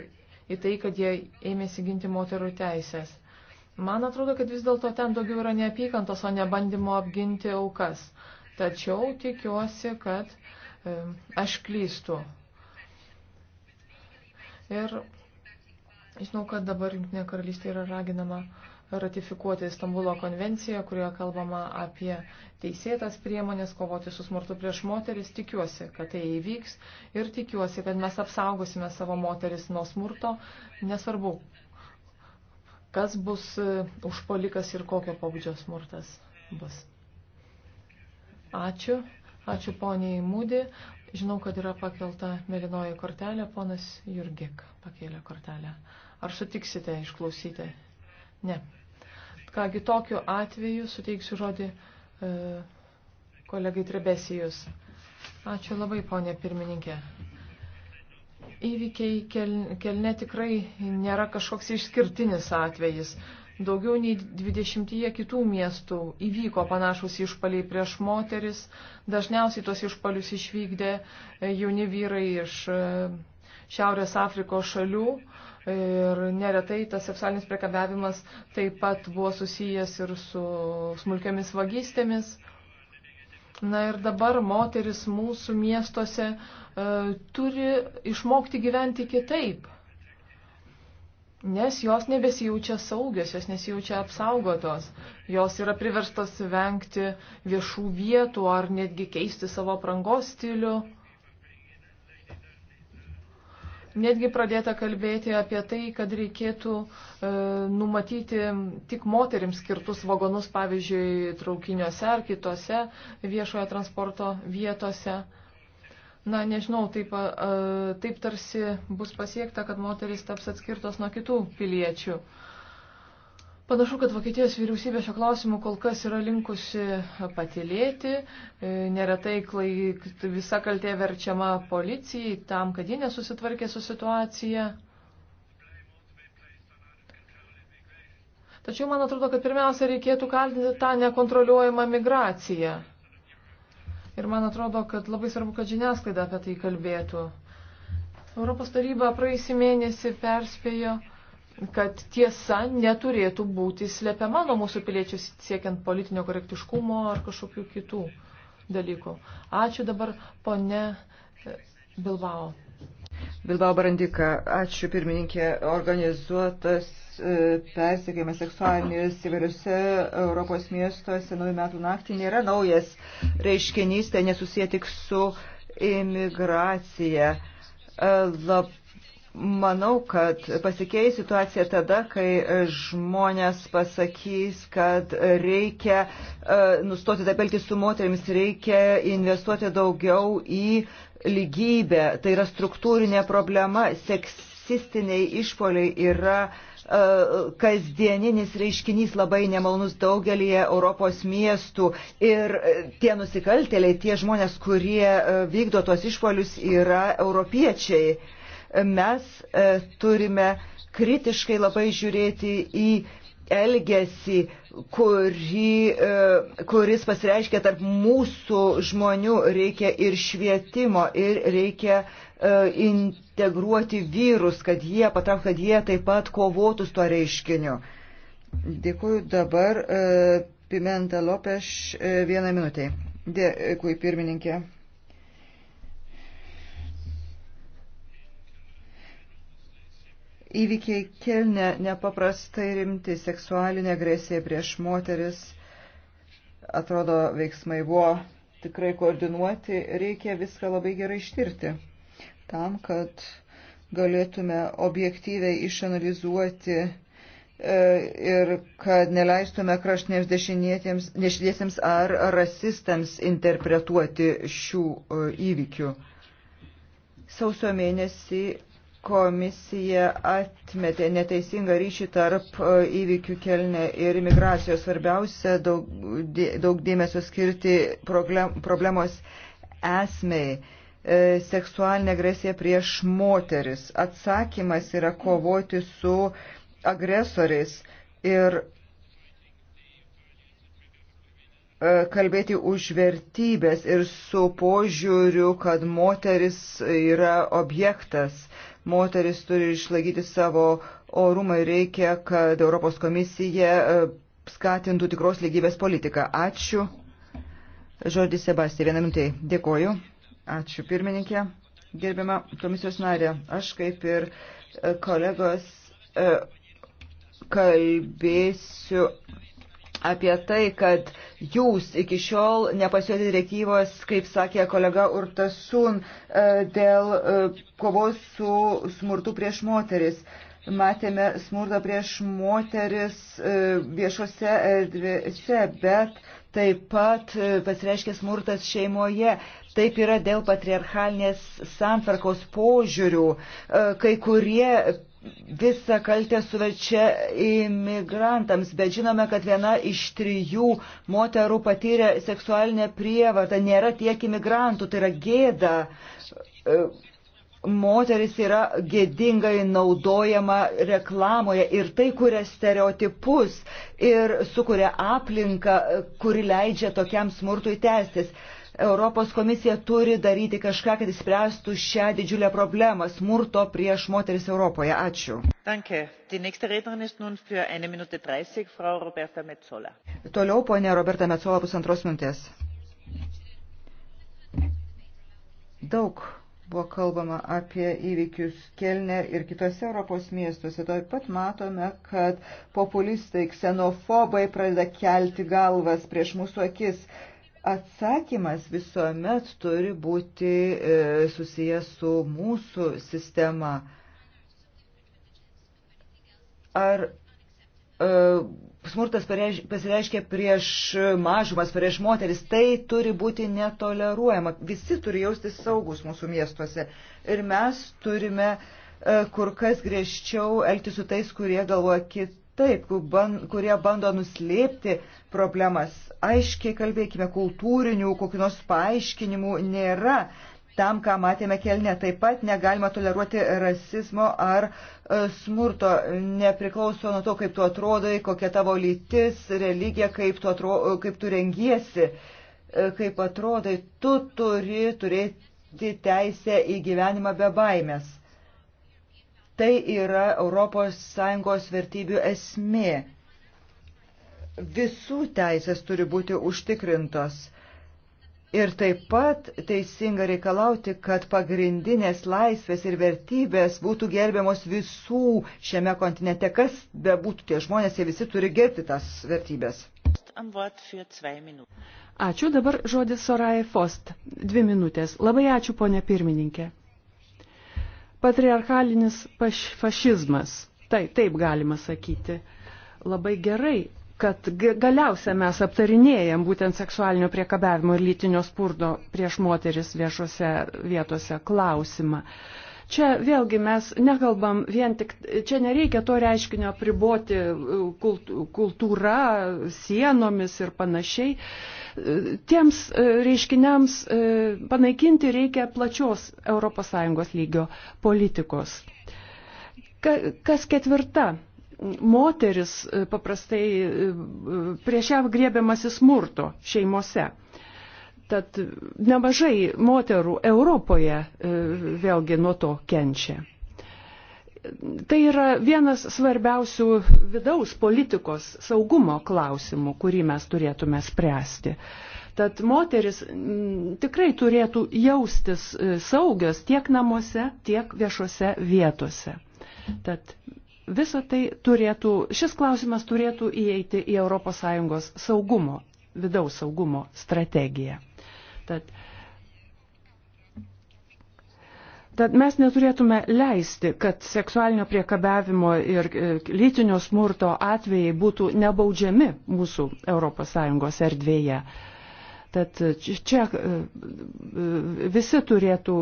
į tai, kad jie ėmėsi ginti moterų teisės. Man atrodo, kad vis dėlto ten daugiau yra neapykantos, o ne bandymo apginti aukas. Tačiau tikiuosi, kad e, aš klystu. Ir žinau, kad dabar Junktinė karalystė yra raginama e, ratifikuoti Stambulo konvenciją, kurioje kalbama apie teisėtas priemonės kovoti su smurtu prieš moteris. Tikiuosi, kad tai įvyks ir tikiuosi, kad mes apsaugosime savo moteris nuo smurto, nesvarbu, kas bus e, užpolikas ir kokio pobūdžio smurtas bus. Ačiū. Ačiū poniai Mūdi. Žinau, kad yra pakelta melinoji kortelė. Ponas Jurgik pakėlė kortelę. Ar sutiksite išklausyti Ne. Kągi tokiu atveju suteiksiu žodį e, kolegai Trebesijus. Ačiū labai, ponė pirmininkė. Įvykiai kel, kelne tikrai nėra kažkoks išskirtinis atvejis. Daugiau nei 20 kitų miestų įvyko panašus išpaliai prieš moteris. Dažniausiai tuos išpalius išvykdė e, jauni vyrai iš e, Šiaurės Afrikos šalių. E, ir neretai tas seksualinis priekabiavimas taip pat buvo susijęs ir su smulkiamis vagystėmis. Na ir dabar moteris mūsų miestuose e, turi išmokti gyventi kitaip, nes jos nebesijaučia saugios, jos nesijaučia apsaugotos, jos yra priverstos vengti viešų vietų ar netgi keisti savo prangos stilių. Netgi pradėta kalbėti apie tai, kad reikėtų e, numatyti tik moteriams skirtus vagonus, pavyzdžiui, traukiniuose ar kitose viešojo transporto vietose. Na, nežinau, taip, e, taip tarsi bus pasiekta, kad moteris taps atskirtos nuo kitų piliečių. E, Panašu, kad Vokietijos vyriausybė šio klausimu kol kas yra linkusi patilėti, e, neretai klai, visa kaltė verčiama policijai tam, kad ji nesusitvarkė su situacija. Tačiau man atrodo, kad pirmiausia reikėtų kaltinti tą nekontroliuojamą migraciją. Ir man atrodo, kad labai svarbu, kad žiniasklaida apie tai kalbėtų. Europos taryba praeisį mėnesį perspėjo kad tiesa neturėtų būti slepiama nuo mūsų piliečių siekiant politinio korektiškumo ar kažkokių kitų dalykų. Ačiū dabar pone e, Bilbao. Bilbao Barandika, ačiū pirmininkė, organizuotas e, persiekėjimas seksualinis įvairiuose Europos miestuose naujų metų naktį nėra naujas reiškinys, tai nesusiję tik su imigracija. E, lab, Manau, kad pasikeis situacija tada, kai e, žmonės pasakys, kad e, reikia e, nustoti taip elgtis su moteriamis, reikia investuoti daugiau į lygybę. Tai yra struktūrinė problema, seksistiniai išpoliai yra kasdieninis reiškinys labai nemalnus daugelį Europos miestų ir tie nusikaltėliai, tie žmonės, kurie vykdo tuos išpolius, yra europiečiai mes e, turime kritiškai labai žiūrėti į elgesį, kuri, e, kuris pasireiškia tarp mūsų žmonių. Reikia ir švietimo, ir reikia e, integruoti vyrus, kad jie, patrauk, kad jie taip pat kovotų su tuo reiškiniu. Dėkuoju dabar. Pimenta Lopeš, vieną minutę. Dėkui, pirmininkė. Įvykiai kelne nepaprastai rimti seksualinė agresija prieš moteris. Atrodo, veiksmai buvo tikrai koordinuoti. Reikia viską labai gerai ištirti tam, kad galėtume objektyviai išanalizuoti e, ir kad neleistume kraštiniams dešiniesiems ar rasistams interpretuoti šių e, įvykių. Sausio mėnesį komisija atmetė neteisingą ryšį tarp e, įvykių kelne ir imigracijos. Svarbiausia daug, daug dėmesio skirti problemos esmei e, seksualinė agresija prieš moteris. Atsakymas yra kovoti su agresoriais ir e, kalbėti už vertybės ir su požiūriu, kad moteris yra objektas moteris turi išlaikyti savo orumą ir reikia, kad Europos komisija e, skatintų tikros lygybės politiką. Ačiū. Žodis Sebastija, vieną minutę. Dėkoju. Ačiū pirmininkė. Gerbiama komisijos narė, aš kaip ir e, kolegos e, kalbėsiu apie tai, kad jūs iki šiol nepasiūlėte direktyvos, kaip sakė kolega Urtasun, e, dėl e, kovos su smurtu prieš moteris. Matėme smurtą prieš moteris e, viešose erdvėse, bet taip pat pasireiškia smurtas šeimoje. Taip yra dėl patriarchalinės santvarkos požiūrių. Kai kurie visą kaltę suvečia imigrantams, bet žinome, kad viena iš trijų moterų patyrė seksualinę prievartą, nėra tiek imigrantų, tai yra gėda. E, moteris yra gėdingai naudojama reklamoje ir tai kuria stereotipus ir sukuria aplinką, kuri leidžia tokiam smurtui tęstis. Europos komisija turi daryti kažką, kad įspręstų šią didžiulę problemą smurto prieš moteris Europoje. Ačiū. Toliau ponė Roberta Metzola pusantros minutės. Daug buvo kalbama apie įvykius Kelne ir kitose Europos miestuose. Taip pat matome, kad populistai, ksenofobai pradeda kelti galvas prieš mūsų akis. Atsakymas visuomet turi būti e, susijęs su mūsų sistema. Ar e, smurtas pasireiškia prieš mažumas, prieš moteris, tai turi būti netoleruojama. Visi turi jaustis saugus mūsų miestuose. Ir mes turime e, kur kas griežčiau elgti su tais, kurie galvoja kitaip taip, kurie bando nuslėpti problemas. Aiškiai kalbėkime, kultūrinių kokių nors paaiškinimų nėra. Tam, ką matėme kelne, taip pat negalima toleruoti rasizmo ar e, smurto. Nepriklauso nuo to, kaip tu atrodai, kokia tavo lytis, religija, kaip tu, atro, e, kaip tu rengiesi, e, kaip atrodai. Tu turi turėti teisę į gyvenimą be baimės. Tai yra ES vertybių esmė. Visų teisės turi būti užtikrintos. Ir taip pat teisinga reikalauti, kad pagrindinės laisvės ir vertybės būtų gerbiamos visų šiame kontinente, kas bebūtų tie žmonės, jie visi turi gerbti tas vertybės. Ačiū, dabar žodis Sorai Fost. Dvi minutės. Labai ačiū, ponė pirmininkė patriarchalinis paš, fašizmas. Tai taip galima sakyti. Labai gerai, kad galiausia mes aptarinėjom būtent seksualinio priekabiavimo ir lytinio spurdo prieš moteris viešose vietose klausimą. Čia vėlgi mes nekalbam vien tik, čia nereikia to reiškinio priboti e, kultūra, sienomis ir panašiai. Tiems e, reiškiniams e, panaikinti reikia plačios ES lygio politikos. Kas ketvirta moteris e, paprastai prieš ją griebiamasi smurto šeimose. Tad nemažai moterų Europoje vėlgi nuo to kenčia. Tai yra vienas svarbiausių vidaus politikos saugumo klausimų, kurį mes turėtume spręsti. Tad moteris mm, tikrai turėtų jaustis e, saugios tiek namuose, tiek viešose vietose. Tad visa tai turėtų, šis klausimas turėtų įeiti į ES saugumo, vidaus saugumo strategiją. Tad Tad mes neturėtume leisti, kad seksualinio priekabiavimo ir e, lytinio smurto atvejai būtų nebaudžiami mūsų ES erdvėje. Tad e, čia e, visi turėtų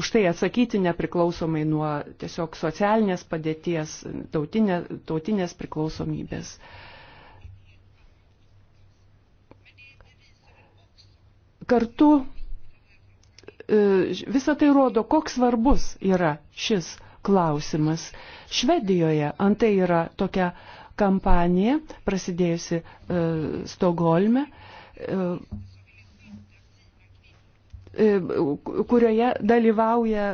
už tai atsakyti nepriklausomai nuo tiesiog socialinės padėties, tautinė, tautinės priklausomybės. Kartu E, visą tai rodo, koks svarbus yra šis klausimas. Švedijoje antai yra tokia kampanija, prasidėjusi e, Stogolme, e, kurioje dalyvauja,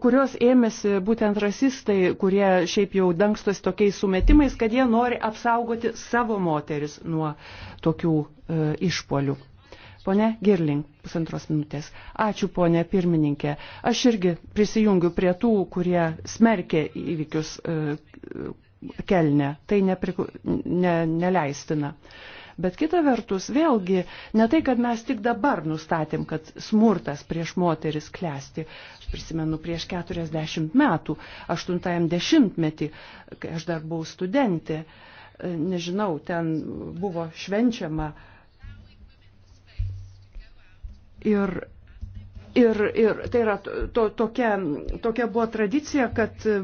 kurios ėmėsi būtent rasistai, kurie šiaip jau dangstos tokiais sumetimais, kad jie nori apsaugoti savo moteris nuo tokių išpolių. Pone Girling, pusantros minutės. Ačiū, ponė pirmininkė. Aš irgi prisijungiu prie tų, kurie smerkė įvykius e, kelne. Tai nepriku, ne, neleistina. Bet kita vertus, vėlgi, ne tai, kad mes tik dabar nustatėm, kad smurtas prieš moteris klesti. Aš prisimenu, prieš 40 metų, 80 metį, kai aš dar buvau studentė, e, nežinau, ten buvo švenčiama uh, Ir, ir, ir tai yra to, tokia, tokia buvo tradicija, kad e,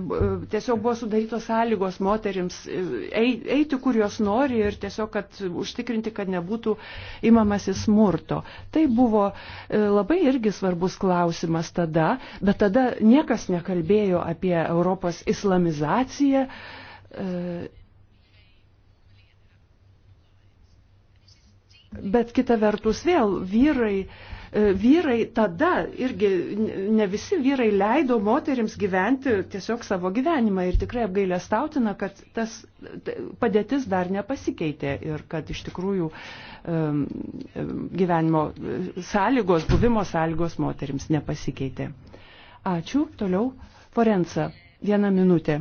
tiesiog buvo sudarytos sąlygos moterims e, eiti, kur jos nori ir tiesiog, kad užtikrinti, kad nebūtų imamasi smurto. Tai buvo e, labai irgi svarbus klausimas tada, bet tada niekas nekalbėjo apie Europos islamizaciją Bet kita vertus vėl vyrai, e, vyrai tada irgi ne visi vyrai leido moteriams gyventi tiesiog savo gyvenimą ir tikrai apgailestautina, kad tas padėtis dar nepasikeitė ir kad iš tikrųjų gyvenimo sąlygos, buvimo sąlygos moteriams nepasikeitė. Ačiū. Toliau Forenca. Viena minutė.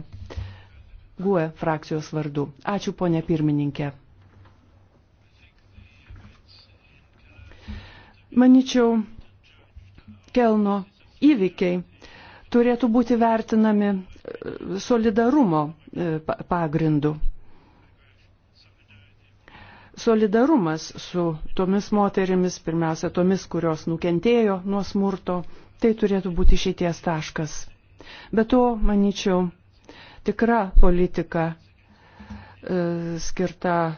GUE frakcijos vardu. Ačiū, ponė pirmininkė. manyčiau, Kelno įvykiai turėtų būti vertinami e, solidarumo e, pagrindu. Solidarumas su tomis moterimis, pirmiausia, tomis, kurios nukentėjo nuo smurto, tai turėtų būti išeities taškas. Be to, manyčiau, tikra politika e, skirta e,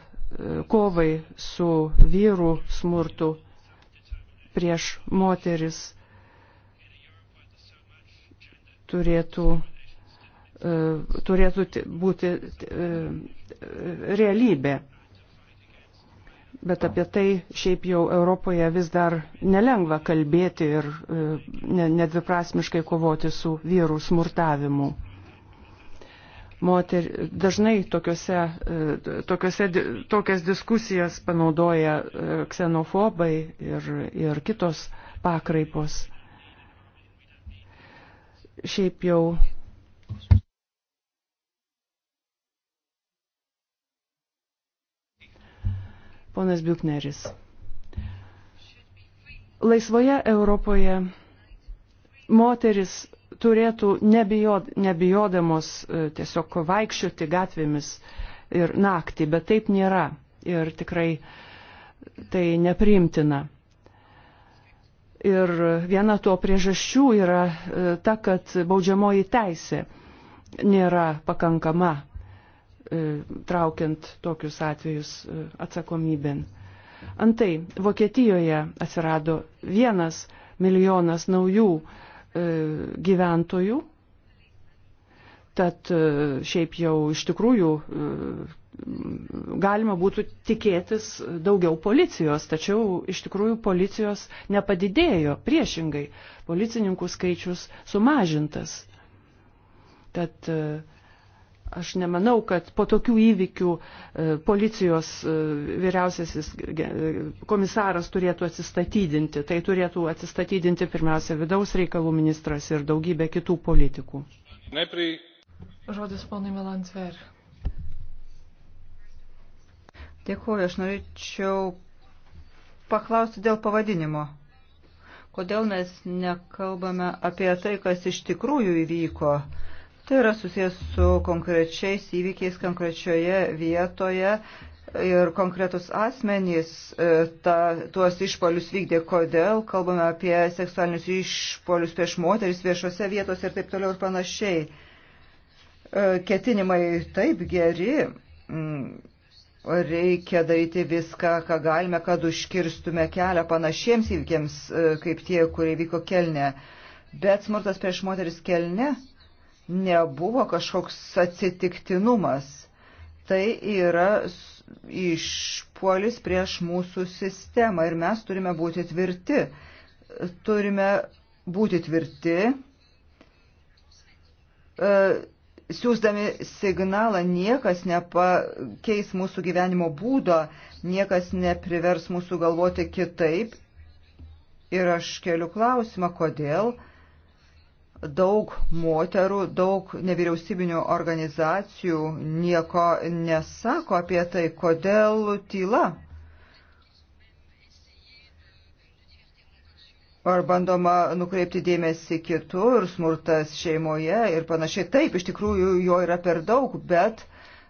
kovai su vyrų smurtu prieš moteris turėtų, e, turėtų būti e, realybė. Bet apie tai šiaip jau Europoje vis dar nelengva kalbėti ir e, nedviprasmiškai kovoti su vyrų smurtavimu moter, dažnai tokiuose, e, tokiuose, tokias diskusijas panaudoja e, ksenofobai ir, ir kitos pakraipos. Šiaip jau Ponas Biukneris. Laisvoje Europoje moteris turėtų nebijod, nebijodamos e, tiesiog vaikščioti gatvėmis ir naktį, bet taip nėra ir tikrai tai nepriimtina. Ir viena to priežasčių yra e, ta, kad baudžiamoji teisė nėra pakankama e, traukiant tokius atvejus atsakomybėn. Antai, Vokietijoje atsirado vienas milijonas naujų uh, E, gyventojų. Tad e, šiaip jau iš tikrųjų e, galima būtų tikėtis daugiau policijos, tačiau iš tikrųjų policijos nepadidėjo, priešingai, policininkų skaičius sumažintas. Tad uh, Aš nemanau, kad po tokių įvykių e, policijos e, vyriausiasis e, komisaras turėtų atsistatydinti. Tai turėtų atsistatydinti pirmiausia vidaus reikalų ministras ir daugybė kitų politikų. Nepri... Žodis ponai Melansver. Dėkuoju, aš norėčiau paklausti dėl pavadinimo. Kodėl mes nekalbame apie tai, kas iš tikrųjų įvyko? Tai yra susijęs su konkrečiais įvykiais konkrečioje vietoje ir konkretus asmenys e, ta, tuos išpolius vykdė, kodėl kalbame apie seksualinius išpolius prieš moteris viešose vietose ir taip toliau ir panašiai. E, ketinimai taip geri, mm, reikia daryti viską, ką galime, kad užkirstume kelią panašiems įvykiams, e, kaip tie, kurie vyko kelne. Bet smurtas prieš moteris kelne nebuvo kažkoks atsitiktinumas. Tai yra išpuolis prieš mūsų sistemą ir mes turime būti tvirti. Turime būti tvirti, e, siūsdami signalą, niekas nepakeis mūsų gyvenimo būdo, niekas neprivers mūsų galvoti kitaip. Ir aš keliu klausimą, kodėl daug moterų, daug nevyriausybinių organizacijų nieko nesako apie tai, kodėl tyla. Ar bandoma nukreipti dėmesį kitur, smurtas šeimoje ir panašiai. Taip, iš tikrųjų jo yra per daug, bet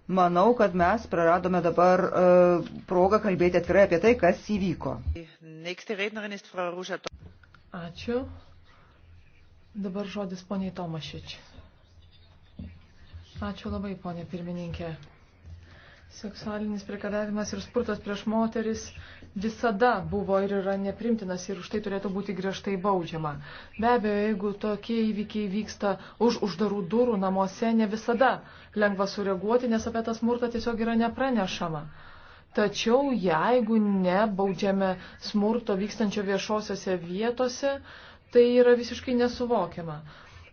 manau, kad mes praradome dabar uh, progą kalbėti atvirai apie tai, kas įvyko. Ačiū. Dabar žodis poniai Tomašič. Ačiū labai, ponė pirmininkė. Seksualinis priekadavimas ir spurtas prieš moteris visada buvo ir yra neprimtinas ir už tai turėtų būti griežtai baudžiama. Be abejo, jeigu tokie įvykiai vyksta už uždarų durų namuose, ne visada lengva sureaguoti, nes apie tą smurtą tiesiog yra nepranešama. Tačiau jeigu nebaudžiame smurto vykstančio viešosiose vietose, uh, Tai yra visiškai nesuvokiama.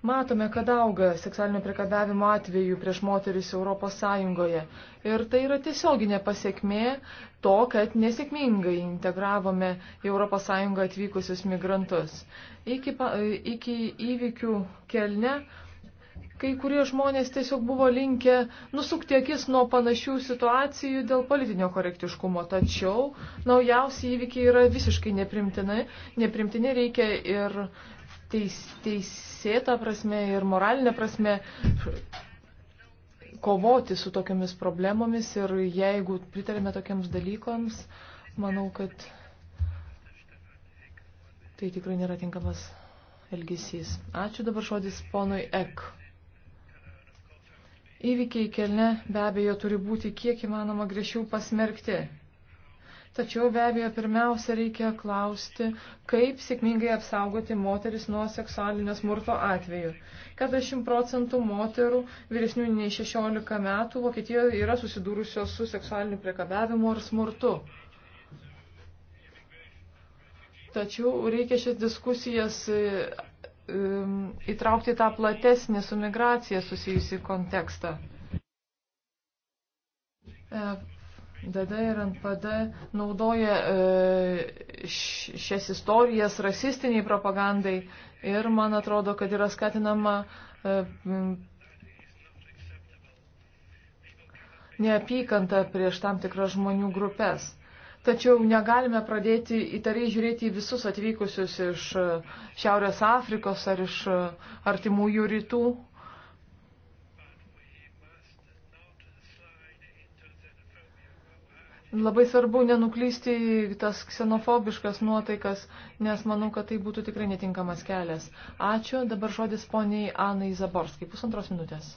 Matome, kad auga seksualinio priekabiavimo atvejų prieš moteris Europos Sąjungoje. Ir tai yra tiesioginė pasiekmė to, kad nesėkmingai integravome į Europos Sąjungą atvykusius migrantus. Iki, iki įvykių kelne kai kurie žmonės tiesiog buvo linkę nusukti akis nuo panašių situacijų dėl politinio korektiškumo. Tačiau naujausi įvykiai yra visiškai neprimtini. Neprimtini reikia ir teis, teisėta prasme, ir moralinė prasme kovoti su tokiamis problemomis. Ir jeigu pritarėme tokiams dalykams, manau, kad tai tikrai nėra tinkamas elgesys. Ačiū dabar žodis ponui Ek. Įvykiai kelne be abejo turi būti kiek įmanoma griežčiau pasmerkti. Tačiau be abejo pirmiausia reikia klausti, kaip sėkmingai apsaugoti moteris nuo seksualinio smurto atveju. 40 procentų moterų vyresnių nei 16 metų Vokietijoje yra susidūrusios su seksualiniu priekabiavimu ar smurtu. Tačiau reikia šias diskusijas Um, įtraukti tą platesnį su migracija susijusi kontekstą. DD e, ir NPD naudoja e, šias istorijas rasistiniai propagandai ir man atrodo, kad yra skatinama e, neapykanta prieš tam tikras žmonių grupės. Tačiau negalime pradėti įtariai žiūrėti į visus atvykusius iš e, Šiaurės Afrikos ar iš e, artimųjų rytų. Labai svarbu nenuklysti į tas ksenofobiškas nuotaikas, nes manau, kad tai būtų tikrai netinkamas kelias. Ačiū. Dabar žodis poniai Anai Zaborskai. Pusantros minutės.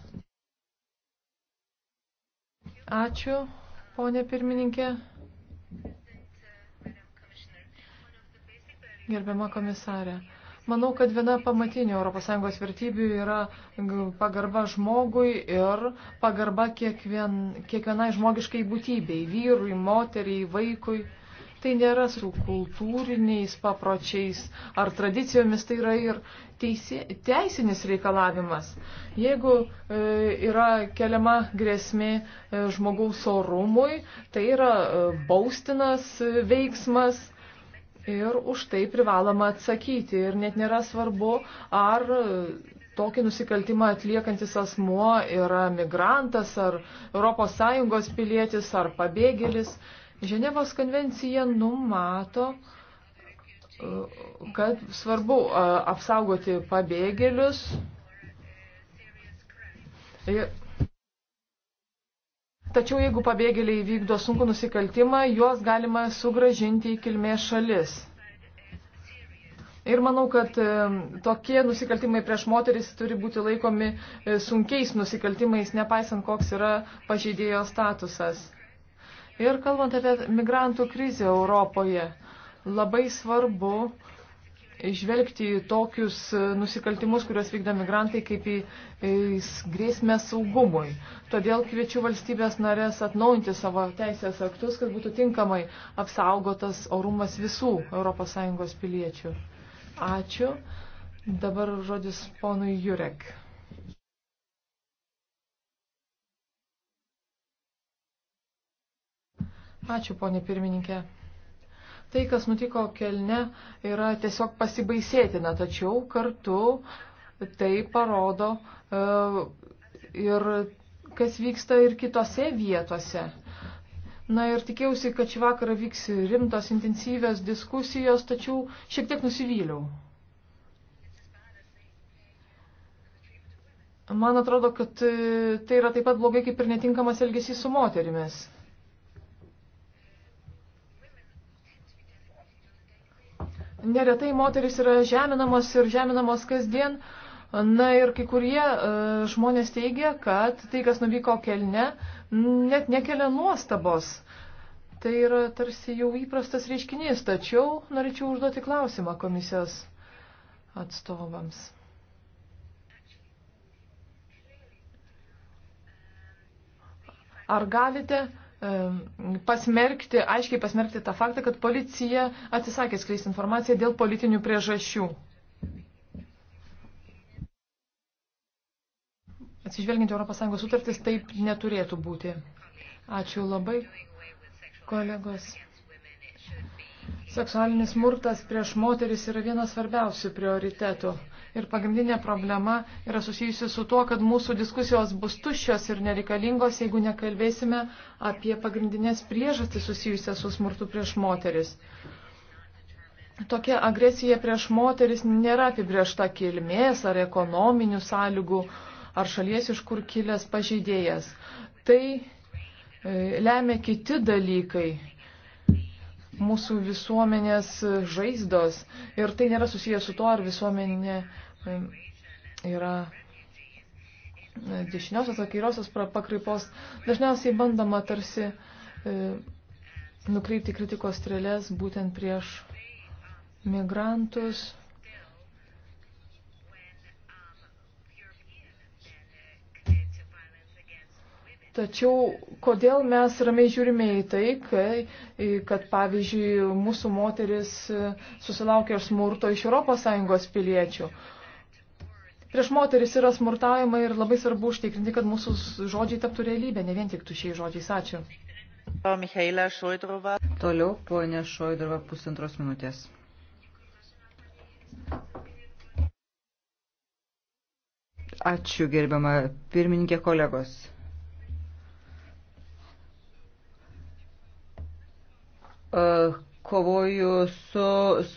Ačiū, ponė pirmininkė. Gerbiama komisarė, manau, kad viena pamatinių ES vertybių yra pagarba žmogui ir pagarba kiekvien, kiekvienai žmogiškai būtybei, vyrui, moteriai, vaikui tai nėra su kultūriniais papročiais ar tradicijomis, tai yra ir teisė, teisinis reikalavimas. Jeigu e, yra keliama grėsmė e, žmogaus orumui, tai yra e, baustinas e, veiksmas. Ir už tai privaloma atsakyti. Ir net nėra svarbu, ar e, tokį nusikaltimą atliekantis asmuo yra migrantas, ar ES pilietis, ar pabėgėlis. E, Ženevos konvencija numato, kad svarbu apsaugoti pabėgėlius. Tačiau jeigu pabėgėliai vykdo sunku nusikaltimą, juos galima sugražinti į kilmės šalis. Ir manau, kad e, tokie nusikaltimai prieš moteris turi būti laikomi e, sunkiais nusikaltimais, nepaisant, koks yra pažeidėjo statusas. Ir kalbant apie migrantų krizę Europoje, labai svarbu žvelgti į tokius nusikaltimus, kuriuos vykdo migrantai, kaip į, į grėsmę saugumui. Todėl kviečiu valstybės narės atnaujinti savo teisės aktus, kad būtų tinkamai apsaugotas orumas visų ES piliečių. Ačiū. Dabar žodis ponui Jurek. Ačiū, ponė pirmininkė. Tai, kas nutiko kelne, yra tiesiog pasibaisėtina, tačiau kartu tai parodo e, ir kas vyksta ir kitose vietose. Na ir tikėjausi, kad šį vakarą vyks rimtos, intensyvios diskusijos, tačiau šiek tiek nusivyliau. Man atrodo, kad e, tai yra taip pat blogai kaip ir netinkamas elgesys su moterimis. neretai moteris yra žeminamos ir žeminamos kasdien. Na ir kai kurie e, žmonės teigia, kad tai, kas nuvyko kelne, net nekelia nuostabos. Tai yra tarsi jau įprastas reiškinys, tačiau norėčiau užduoti klausimą komisijos atstovams. Ar galite pasmerkti, aiškiai pasmerkti tą faktą, kad policija atsisakė skleisti informaciją dėl politinių priežasčių. Atsižvelgiant ES sutartis, taip neturėtų būti. Ačiū labai, kolegos. Seksualinis smurtas prieš moteris yra vienas svarbiausių prioritetų. Ir pagrindinė problema yra susijusi su tuo, kad mūsų diskusijos bus tuščios ir nereikalingos, jeigu nekalbėsime apie pagrindinės priežastis susijusią su smurtu prieš moteris. Tokia agresija prieš moteris nėra apibriešta kilmės ar ekonominių sąlygų ar šalies, iš kur kilęs pažeidėjas. Tai e, lemia kiti dalykai mūsų visuomenės žaizdos ir tai nėra susijęs su to, ar visuomenė yra e, dešiniosios ar kairiosios pakraipos, dažniausiai bandoma tarsi e, nukreipti kritikos strėlės būtent prieš migrantus. Tačiau kodėl mes ramiai žiūrime į tai, kai, kad pavyzdžiui mūsų moteris e, susilaukia smurto iš ES piliečių, prieš moteris yra smurtaujama ir labai svarbu užtikrinti, kad mūsų žodžiai taptų realybė, ne vien tik tušiai žodžiais. Ačiū. Toliau ponė Šoidrova pusantros minutės. Ačiū gerbiama pirmininkė kolegos. E, kovoju su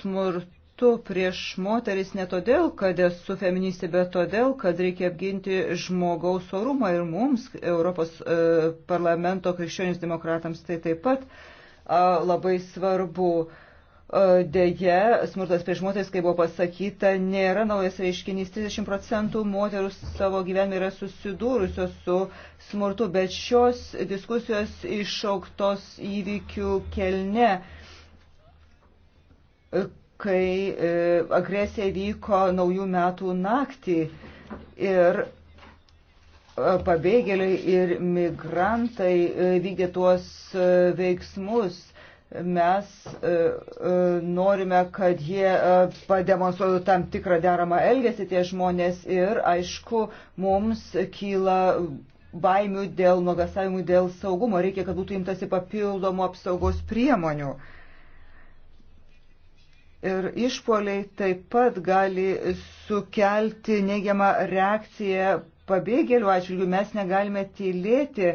smurtu smurtu prieš moteris ne todėl, kad esu feministė, bet todėl, kad reikia apginti žmogaus orumą ir mums, Europos e, parlamento krikščionis demokratams, tai taip pat e, labai svarbu. E, deja, smurtas prieš moteris, kaip buvo pasakyta, nėra naujas reiškinys. 30 procentų moterų savo gyvenime yra susidūrusios su smurtu, bet šios diskusijos išauktos įvykių kelne kai e, agresija vyko naujų metų naktį ir e, pabėgėliai ir migrantai e, vykdė tuos veiksmus. Mes norime, kad jie pademonstruotų tam tikrą deramą elgesį tie žmonės ir, aišku, mums kyla baimių dėl nuogastavimų, dėl saugumo. Reikia, kad būtų imtasi papildomų apsaugos priemonių. Uh, Ir išpoliai taip pat gali sukelti neigiamą reakciją pabėgėlių atžvilgių. Mes negalime tylėti.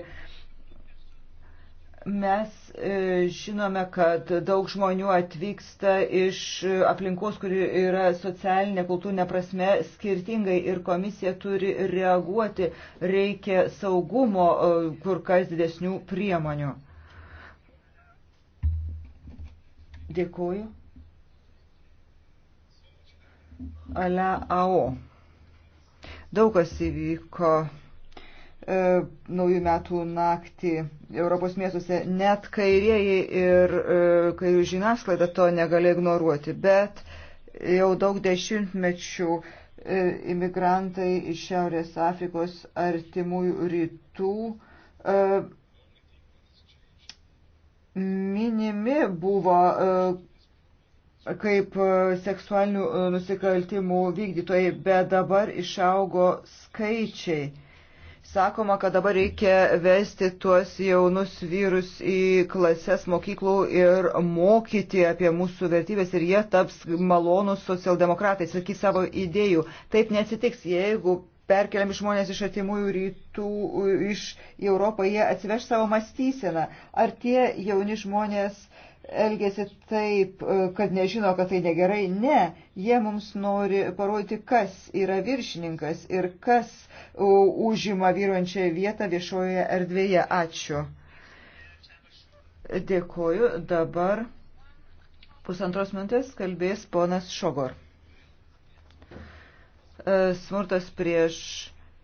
Mes e, žinome, kad daug žmonių atvyksta iš aplinkos, kuri yra socialinė, kultūrinė prasme skirtingai ir komisija turi reaguoti. Reikia saugumo e, kur kas didesnių priemonių. Dėkuoju. Aleao. Daug kas įvyko e, naujų metų naktį Europos miestuose. Net kairieji ir e, kairių žiniasklaida to negali ignoruoti, bet jau daug dešimtmečių e, imigrantai iš Šiaurės Afrikos artimųjų rytų e, minimi buvo. E, kaip e, seksualinių e, nusikaltimų vykdytojai, bet dabar išaugo skaičiai. Sakoma, kad dabar reikia vesti tuos jaunus vyrus į klases mokyklų ir mokyti apie mūsų vertybės ir jie taps malonus socialdemokratai, sakys savo idėjų. Taip nesitiks, jeigu perkeliami žmonės iš atimųjų rytų, iš Europą, jie atsiveš savo mąstyseną. Ar tie jauni žmonės uh, elgesi taip, e, kad nežino, kad tai negerai. Ne, jie mums nori parodyti, kas yra viršininkas ir kas e, užima vyruojančią vietą viešoje erdvėje. Ačiū. Dėkoju. Dabar pusantros minutės kalbės ponas Šogor. E, smurtas prieš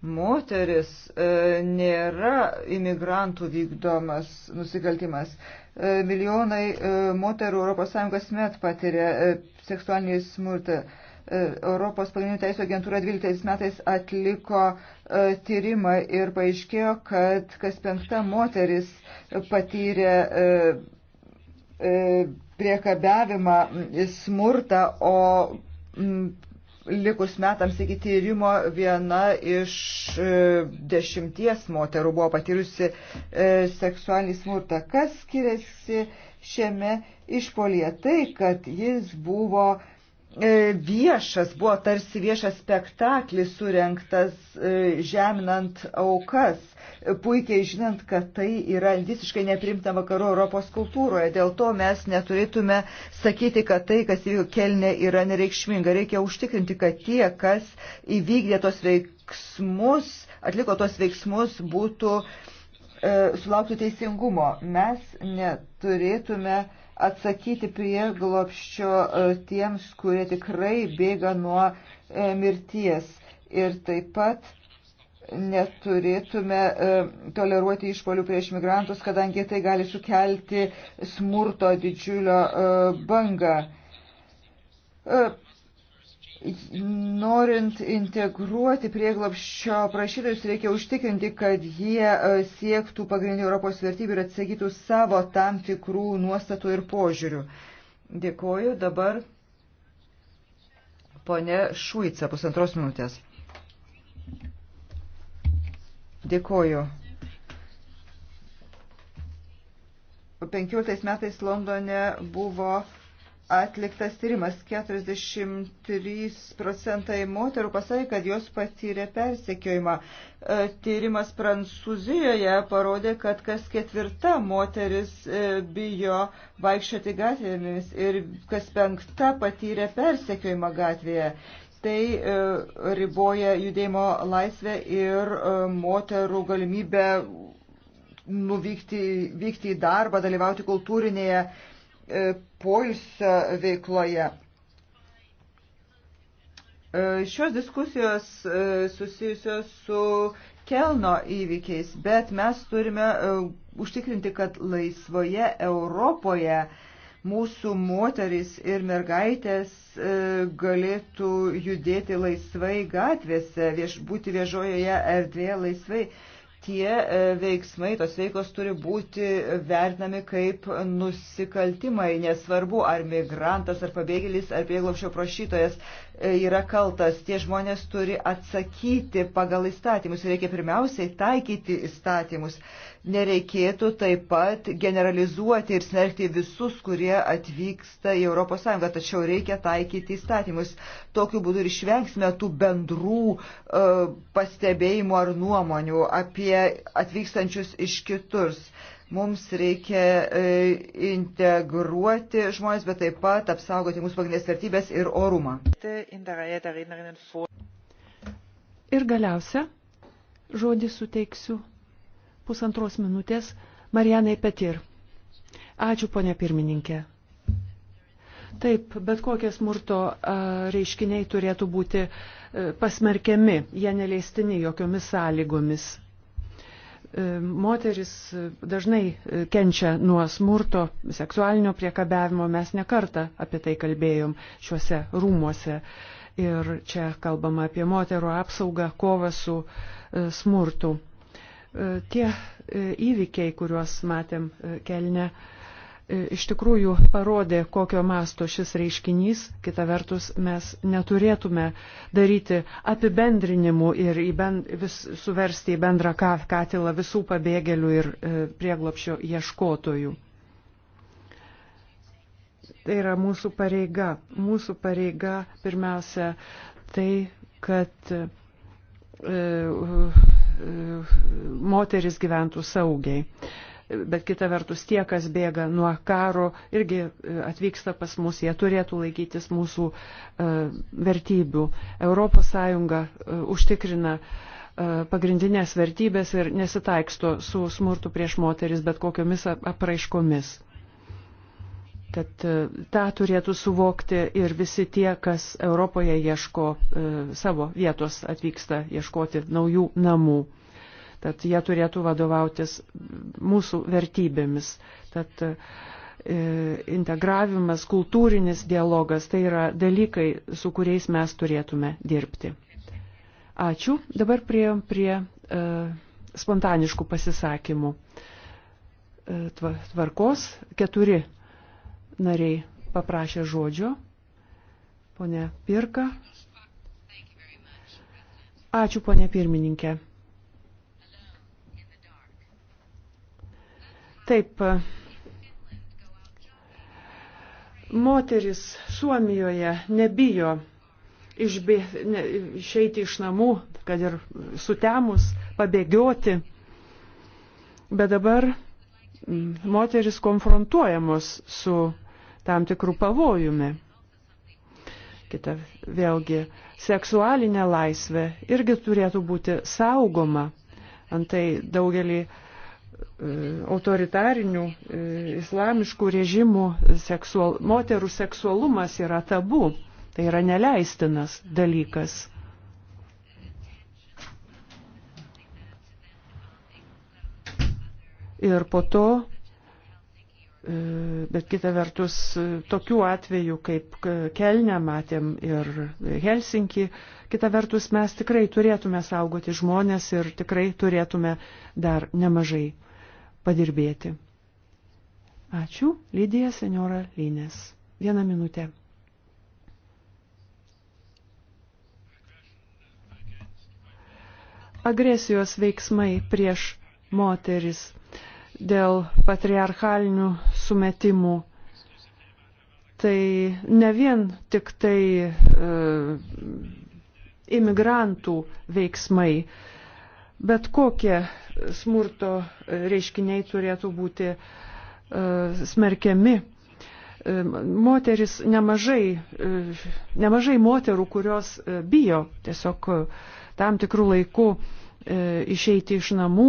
moteris e, nėra imigrantų vykdomas nusikaltimas. E, milijonai e, moterų ES met patiria e, seksualinį smurtą. E, Europos pagrindinių teisų agentūra 12 metais atliko e, tyrimą ir paaiškėjo, kad kas penkta moteris patyrė e, priekabiavimą, smurtą, o likus metams iki tyrimo viena iš e, dešimties moterų buvo patyrusi e, seksualinį smurtą. Kas skiriasi šiame išpolyje? Tai, kad jis buvo e, viešas, buvo tarsi viešas spektaklis surenktas žeminant aukas puikiai žinant, kad tai yra visiškai neprimta vakarų Europos kultūroje. Dėl to mes neturėtume sakyti, kad tai, kas įvyko kelne, yra nereikšminga. Reikia užtikrinti, kad tie, kas įvykdė tos veiksmus, atliko tos veiksmus, būtų e, sulauktų teisingumo. Mes neturėtume atsakyti prie glopščio e, tiems, kurie tikrai bėga nuo e, mirties. Ir taip pat neturėtume e, toleruoti išpolių prieš migrantus, kadangi tai gali sukelti smurto didžiulio e, bangą. E, norint integruoti prieglapščio prašytojus, reikia užtikrinti, kad jie siektų pagrindinių Europos vertybių ir atsakytų savo tam tikrų nuostatų ir požiūrių. Dėkoju. Dabar ponė Šuica, pusantros minutės. Dėkoju. 15 metais Londone buvo atliktas tyrimas. 43 procentai moterų pasakė, kad jos patyrė persekiojimą. E, tyrimas Prancūzijoje parodė, kad kas ketvirta moteris e, bijo vaikščioti gatvėmis ir kas penkta patyrė persekiojimą gatvėje tai e, riboja judėjimo laisvę ir e, moterų galimybę nuvykti vykti į darbą, dalyvauti kultūrinėje e, poilsio veikloje. Šios diskusijos susijusios su Kelno įvykiais, bet mes turime užtikrinti, kad laisvoje Europoje uh, mūsų moteris ir mergaitės e, galėtų judėti laisvai gatvėse, vieš, būti viešojoje erdvėje laisvai. Tie e, veiksmai, tos veikos turi būti vertinami kaip nusikaltimai, nesvarbu ar migrantas, ar pabėgėlis, ar prieglopšio prašytojas e, yra kaltas. Tie žmonės turi atsakyti pagal įstatymus ir reikia pirmiausiai taikyti įstatymus nereikėtų taip pat generalizuoti ir smerkti visus, kurie atvyksta į ES, tačiau reikia taikyti įstatymus. Tokiu būdu ir išvengsime tų bendrų e, pastebėjimų ar nuomonių apie atvykstančius iš kiturs. Mums reikia e, integruoti žmonės, bet taip pat apsaugoti mūsų pagrindinės vertybės ir orumą. Ir galiausia, žodį suteiksiu pusantros minutės Marijanai Petir. Ačiū, ponė pirmininkė. Taip, bet kokie smurto reiškiniai turėtų būti e, pasmerkiami, jie neleistini jokiomis sąlygomis. E, moteris e, dažnai kenčia nuo smurto, seksualinio priekabiavimo, mes nekartą apie tai kalbėjom šiuose rūmuose. Ir čia kalbama apie moterų apsaugą, kovą su smurtu. E, tie e, įvykiai, kuriuos matėm e, kelne, iš tikrųjų parodė, kokio masto šis reiškinys. Kita vertus, mes neturėtume daryti apibendrinimų ir bend, vis, suversti į bendrą katilą visų pabėgėlių ir prieglopšio ieškotojų. Tai yra mūsų pareiga. Mūsų pareiga pirmiausia tai, kad e, moteris gyventų saugiai. Bet kita vertus, tie, kas bėga nuo karo, irgi e, atvyksta pas mus, jie turėtų laikytis mūsų e, vertybių. ES e, užtikrina pagrindinės vertybės ir nesitaiksto su smurtu prieš moteris bet kokiomis apraiškomis. Tad e, tą turėtų suvokti ir visi tie, kas Europoje ieško e, savo vietos, atvyksta ieškoti naujų namų. Tad jie turėtų vadovautis mūsų vertybėmis. Tad e, integravimas, kultūrinis dialogas tai yra dalykai, su kuriais mes turėtume dirbti. Ačiū. Dabar prieėm prie e, spontaniškų pasisakymų. E, tvarkos keturi nariai paprašė žodžio. Pone Pirka. Ačiū, ponė pirmininkė. Taip, moteris Suomijoje nebijo išbė, ne, išeiti iš namų, kad ir sutemus, pabėgioti. Bet dabar mm, moteris konfrontuojamos su tam tikrų pavojumi. Kita vėlgi, seksualinė laisvė irgi turėtų būti saugoma. Antai daugelį e, autoritarinių e, islamiškų režimų seksual, moterų seksualumas yra tabu. Tai yra neleistinas dalykas. Ir po to E, bet kita vertus, e, tokių atvejų kaip Kelne matėm ir Helsinki, kita vertus mes tikrai turėtume saugoti žmonės ir tikrai turėtume dar nemažai padirbėti. Ačiū, Lydija senjora Lynės. Vieną minutę. Agresijos veiksmai prieš moteris dėl patriarchalinių sumetimų. Tai ne vien tik tai e, imigrantų veiksmai, bet kokie smurto reiškiniai turėtų būti e, smerkiami. E, moteris nemažai, e, nemažai moterų, kurios e, bijo tiesiog e, tam tikrų laikų e, E, išeiti iš namų,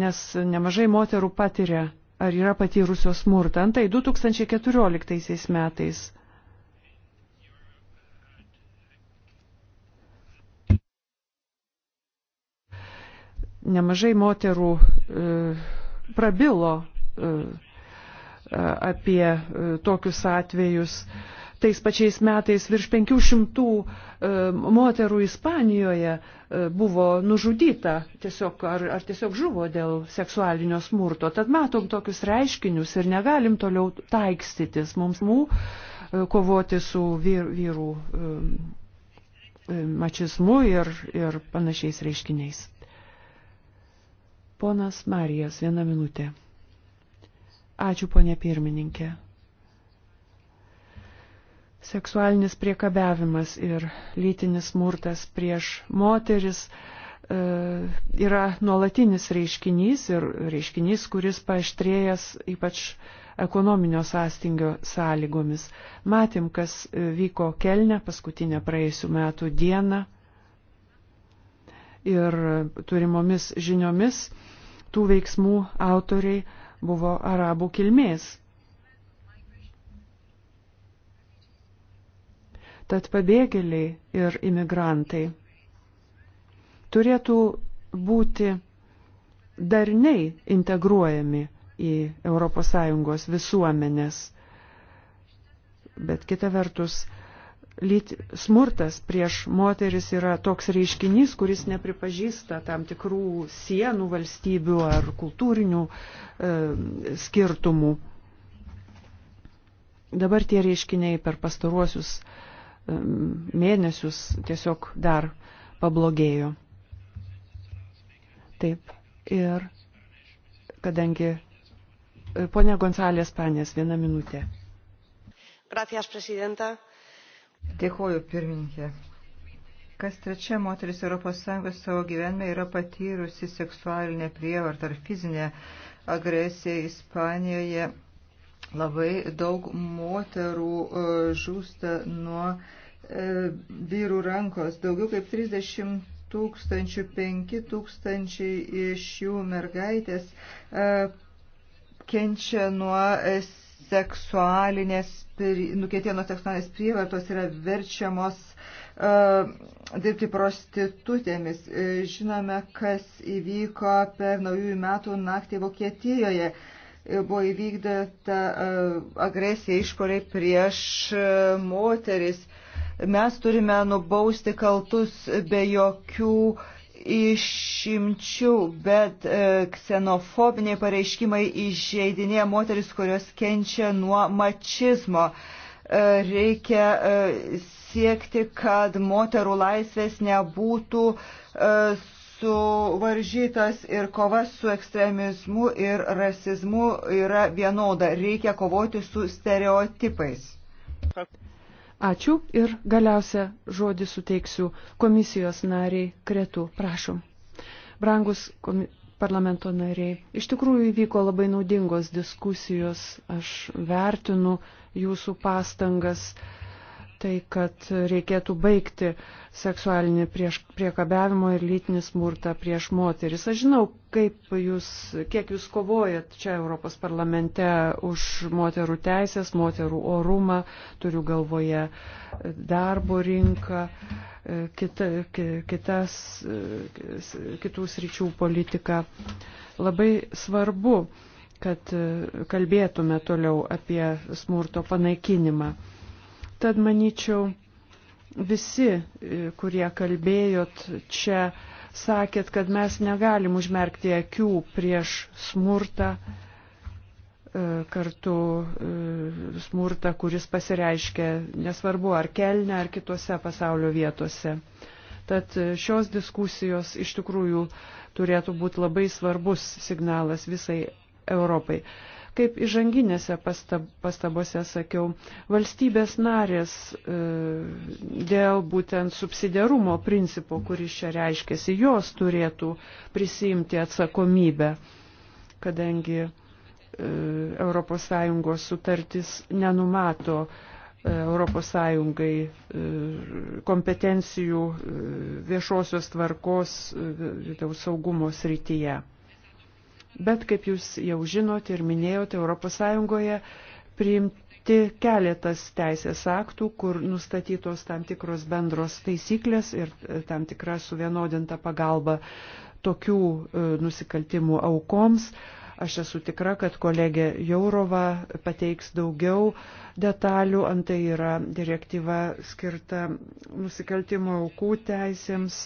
nes nemažai moterų patiria ar yra patyrusios smurtą. Antai 2014 metais. Nemažai moterų e, prabilo e, apie e, tokius atvejus. E, tais pačiais metais virš 500 e, moterų Ispanijoje e, buvo nužudyta tiesiog ar, ar tiesiog žuvo dėl seksualinio smurto. Tad matom tokius reiškinius ir negalim toliau taikstytis mums mū, e, kovoti su vyr, vyrų mačizmu ir, ir panašiais reiškiniais. Ponas Marijas, viena minutė. Ačiū, ponė pirmininkė seksualinis priekabiavimas ir lytinis smurtas prieš moteris e, yra nuolatinis reiškinys ir reiškinys, kuris paaštrėjęs ypač ekonominio sąstingio sąlygomis. Matėm, kas e, vyko Kelne paskutinę praėjusių metų dieną ir turimomis žiniomis tų veiksmų autoriai buvo arabų kilmės. Tad pabėgėliai ir imigrantai turėtų būti darniai integruojami į ES visuomenės. Bet kita vertus, lyt, smurtas prieš moteris yra toks reiškinys, kuris nepripažįsta tam tikrų sienų valstybių ar kultūrinių e, skirtumų. Dabar tie reiškiniai per pastaruosius e, mėnesius tiesiog dar pablogėjo. Taip. Ir kadangi e, ponia Gonzalės Panės, vieną minutę. Gracias, prezidenta. Dėkuoju, pirmininkė. Kas trečia moteris ES savo gyvenime yra patyrusi seksualinę prievartą ar fizinę agresiją Ispanijoje Labai daug moterų e, žūsta nuo e, vyrų rankos. Daugiau kaip 30 tūkstančių, 5 tūkstančiai iš jų mergaitės e, kenčia nuo seksualinės, nukentėjo nuo seksualinės prievartos, yra verčiamos dirbti prostitutėmis. Žinome, kas įvyko per naujųjų metų naktį Vokietijoje buvo įvykdyta e, agresija išpoliai prieš e, moteris. Mes turime nubausti kaltus be jokių išimčių, bet e, ksenofobiniai pareiškimai išžeidinėja moteris, kurios kenčia nuo mačizmo. Reikia siekti, kad moterų laisvės nebūtų suvaržytas ir kova su ekstremizmu ir rasizmu yra vienoda. Reikia kovoti su stereotipais. Ačiū ir galiausia žodį suteiksiu komisijos nariai Kretų. Prašom. Brangus komi parlamento nariai, iš tikrųjų įvyko labai naudingos diskusijos. Aš vertinu jūsų pastangas. Uh, tai, kad reikėtų baigti seksualinį prieš, priekabiavimo ir lytinį smurtą prieš moteris. Aš žinau, kaip jūs, kiek jūs kovojat čia Europos parlamente už moterų teisės, moterų orumą, turiu galvoje darbo rinką, kita, kitas, kitų sričių politiką. Labai svarbu, kad kalbėtume toliau apie smurto panaikinimą. Tad manyčiau, visi, e, kurie kalbėjot čia, sakėt, kad mes negalim užmerkti akių prieš smurtą e, kartu e, smurtą, kuris pasireiškia nesvarbu ar kelne, ar kitose pasaulio vietose. Tad šios diskusijos iš tikrųjų turėtų būti labai svarbus signalas visai Europai. Kaip įžanginėse pastab, pastabose sakiau, valstybės narės e, dėl būtent subsidiarumo principo, kuris čia reiškėsi, jos turėtų prisimti atsakomybę, kadangi e, ES sutartis nenumato ES e, kompetencijų e, viešosios tvarkos e, vidaus saugumo srityje. Bet, kaip jūs jau žinote ir minėjote, ES priimti keletas teisės aktų, kur nustatytos tam tikros bendros taisyklės ir e, tam tikra suvienodinta pagalba tokių e, nusikaltimų aukoms. Aš esu tikra, kad kolegė Jaurova pateiks daugiau detalių, antai yra direktyva skirta nusikaltimo aukų teisėms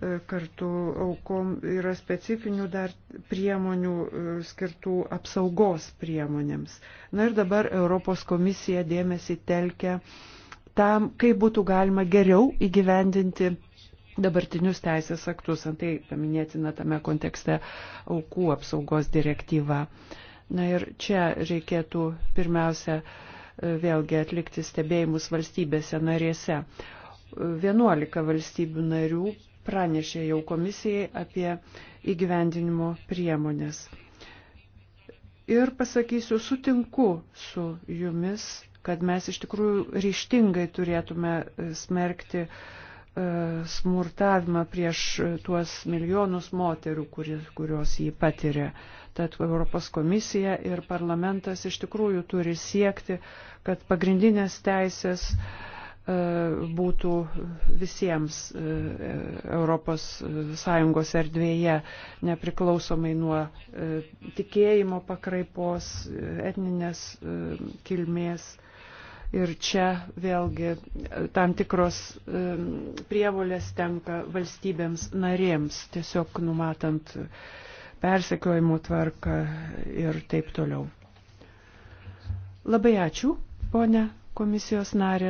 E, kartu aukom yra specifinių dar priemonių e, skirtų apsaugos priemonėms. Na ir dabar Europos komisija dėmesį telkia tam, kaip būtų galima geriau įgyvendinti dabartinius teisės aktus, antai paminėtina tame kontekste aukų apsaugos direktyva. Na ir čia reikėtų pirmiausia e, vėlgi atlikti stebėjimus valstybėse narėse. 11 valstybių narių pranešė jau komisijai apie įgyvendinimo priemonės. Ir pasakysiu, sutinku su jumis, kad mes iš tikrųjų ryštingai turėtume e, smerkti e, smurtavimą prieš e, tuos milijonus moterų, kurios jį patiria. Tad Europos komisija ir parlamentas iš tikrųjų turi siekti, kad pagrindinės teisės uh, E, būtų visiems ES erdvėje, nepriklausomai nuo e, tikėjimo pakraipos, etninės e, kilmės. Ir čia vėlgi tam tikros prievolės tenka valstybėms narėms, tiesiog numatant persekiojimų tvarką ir taip toliau. Labai ačiū, ponė komisijos narė.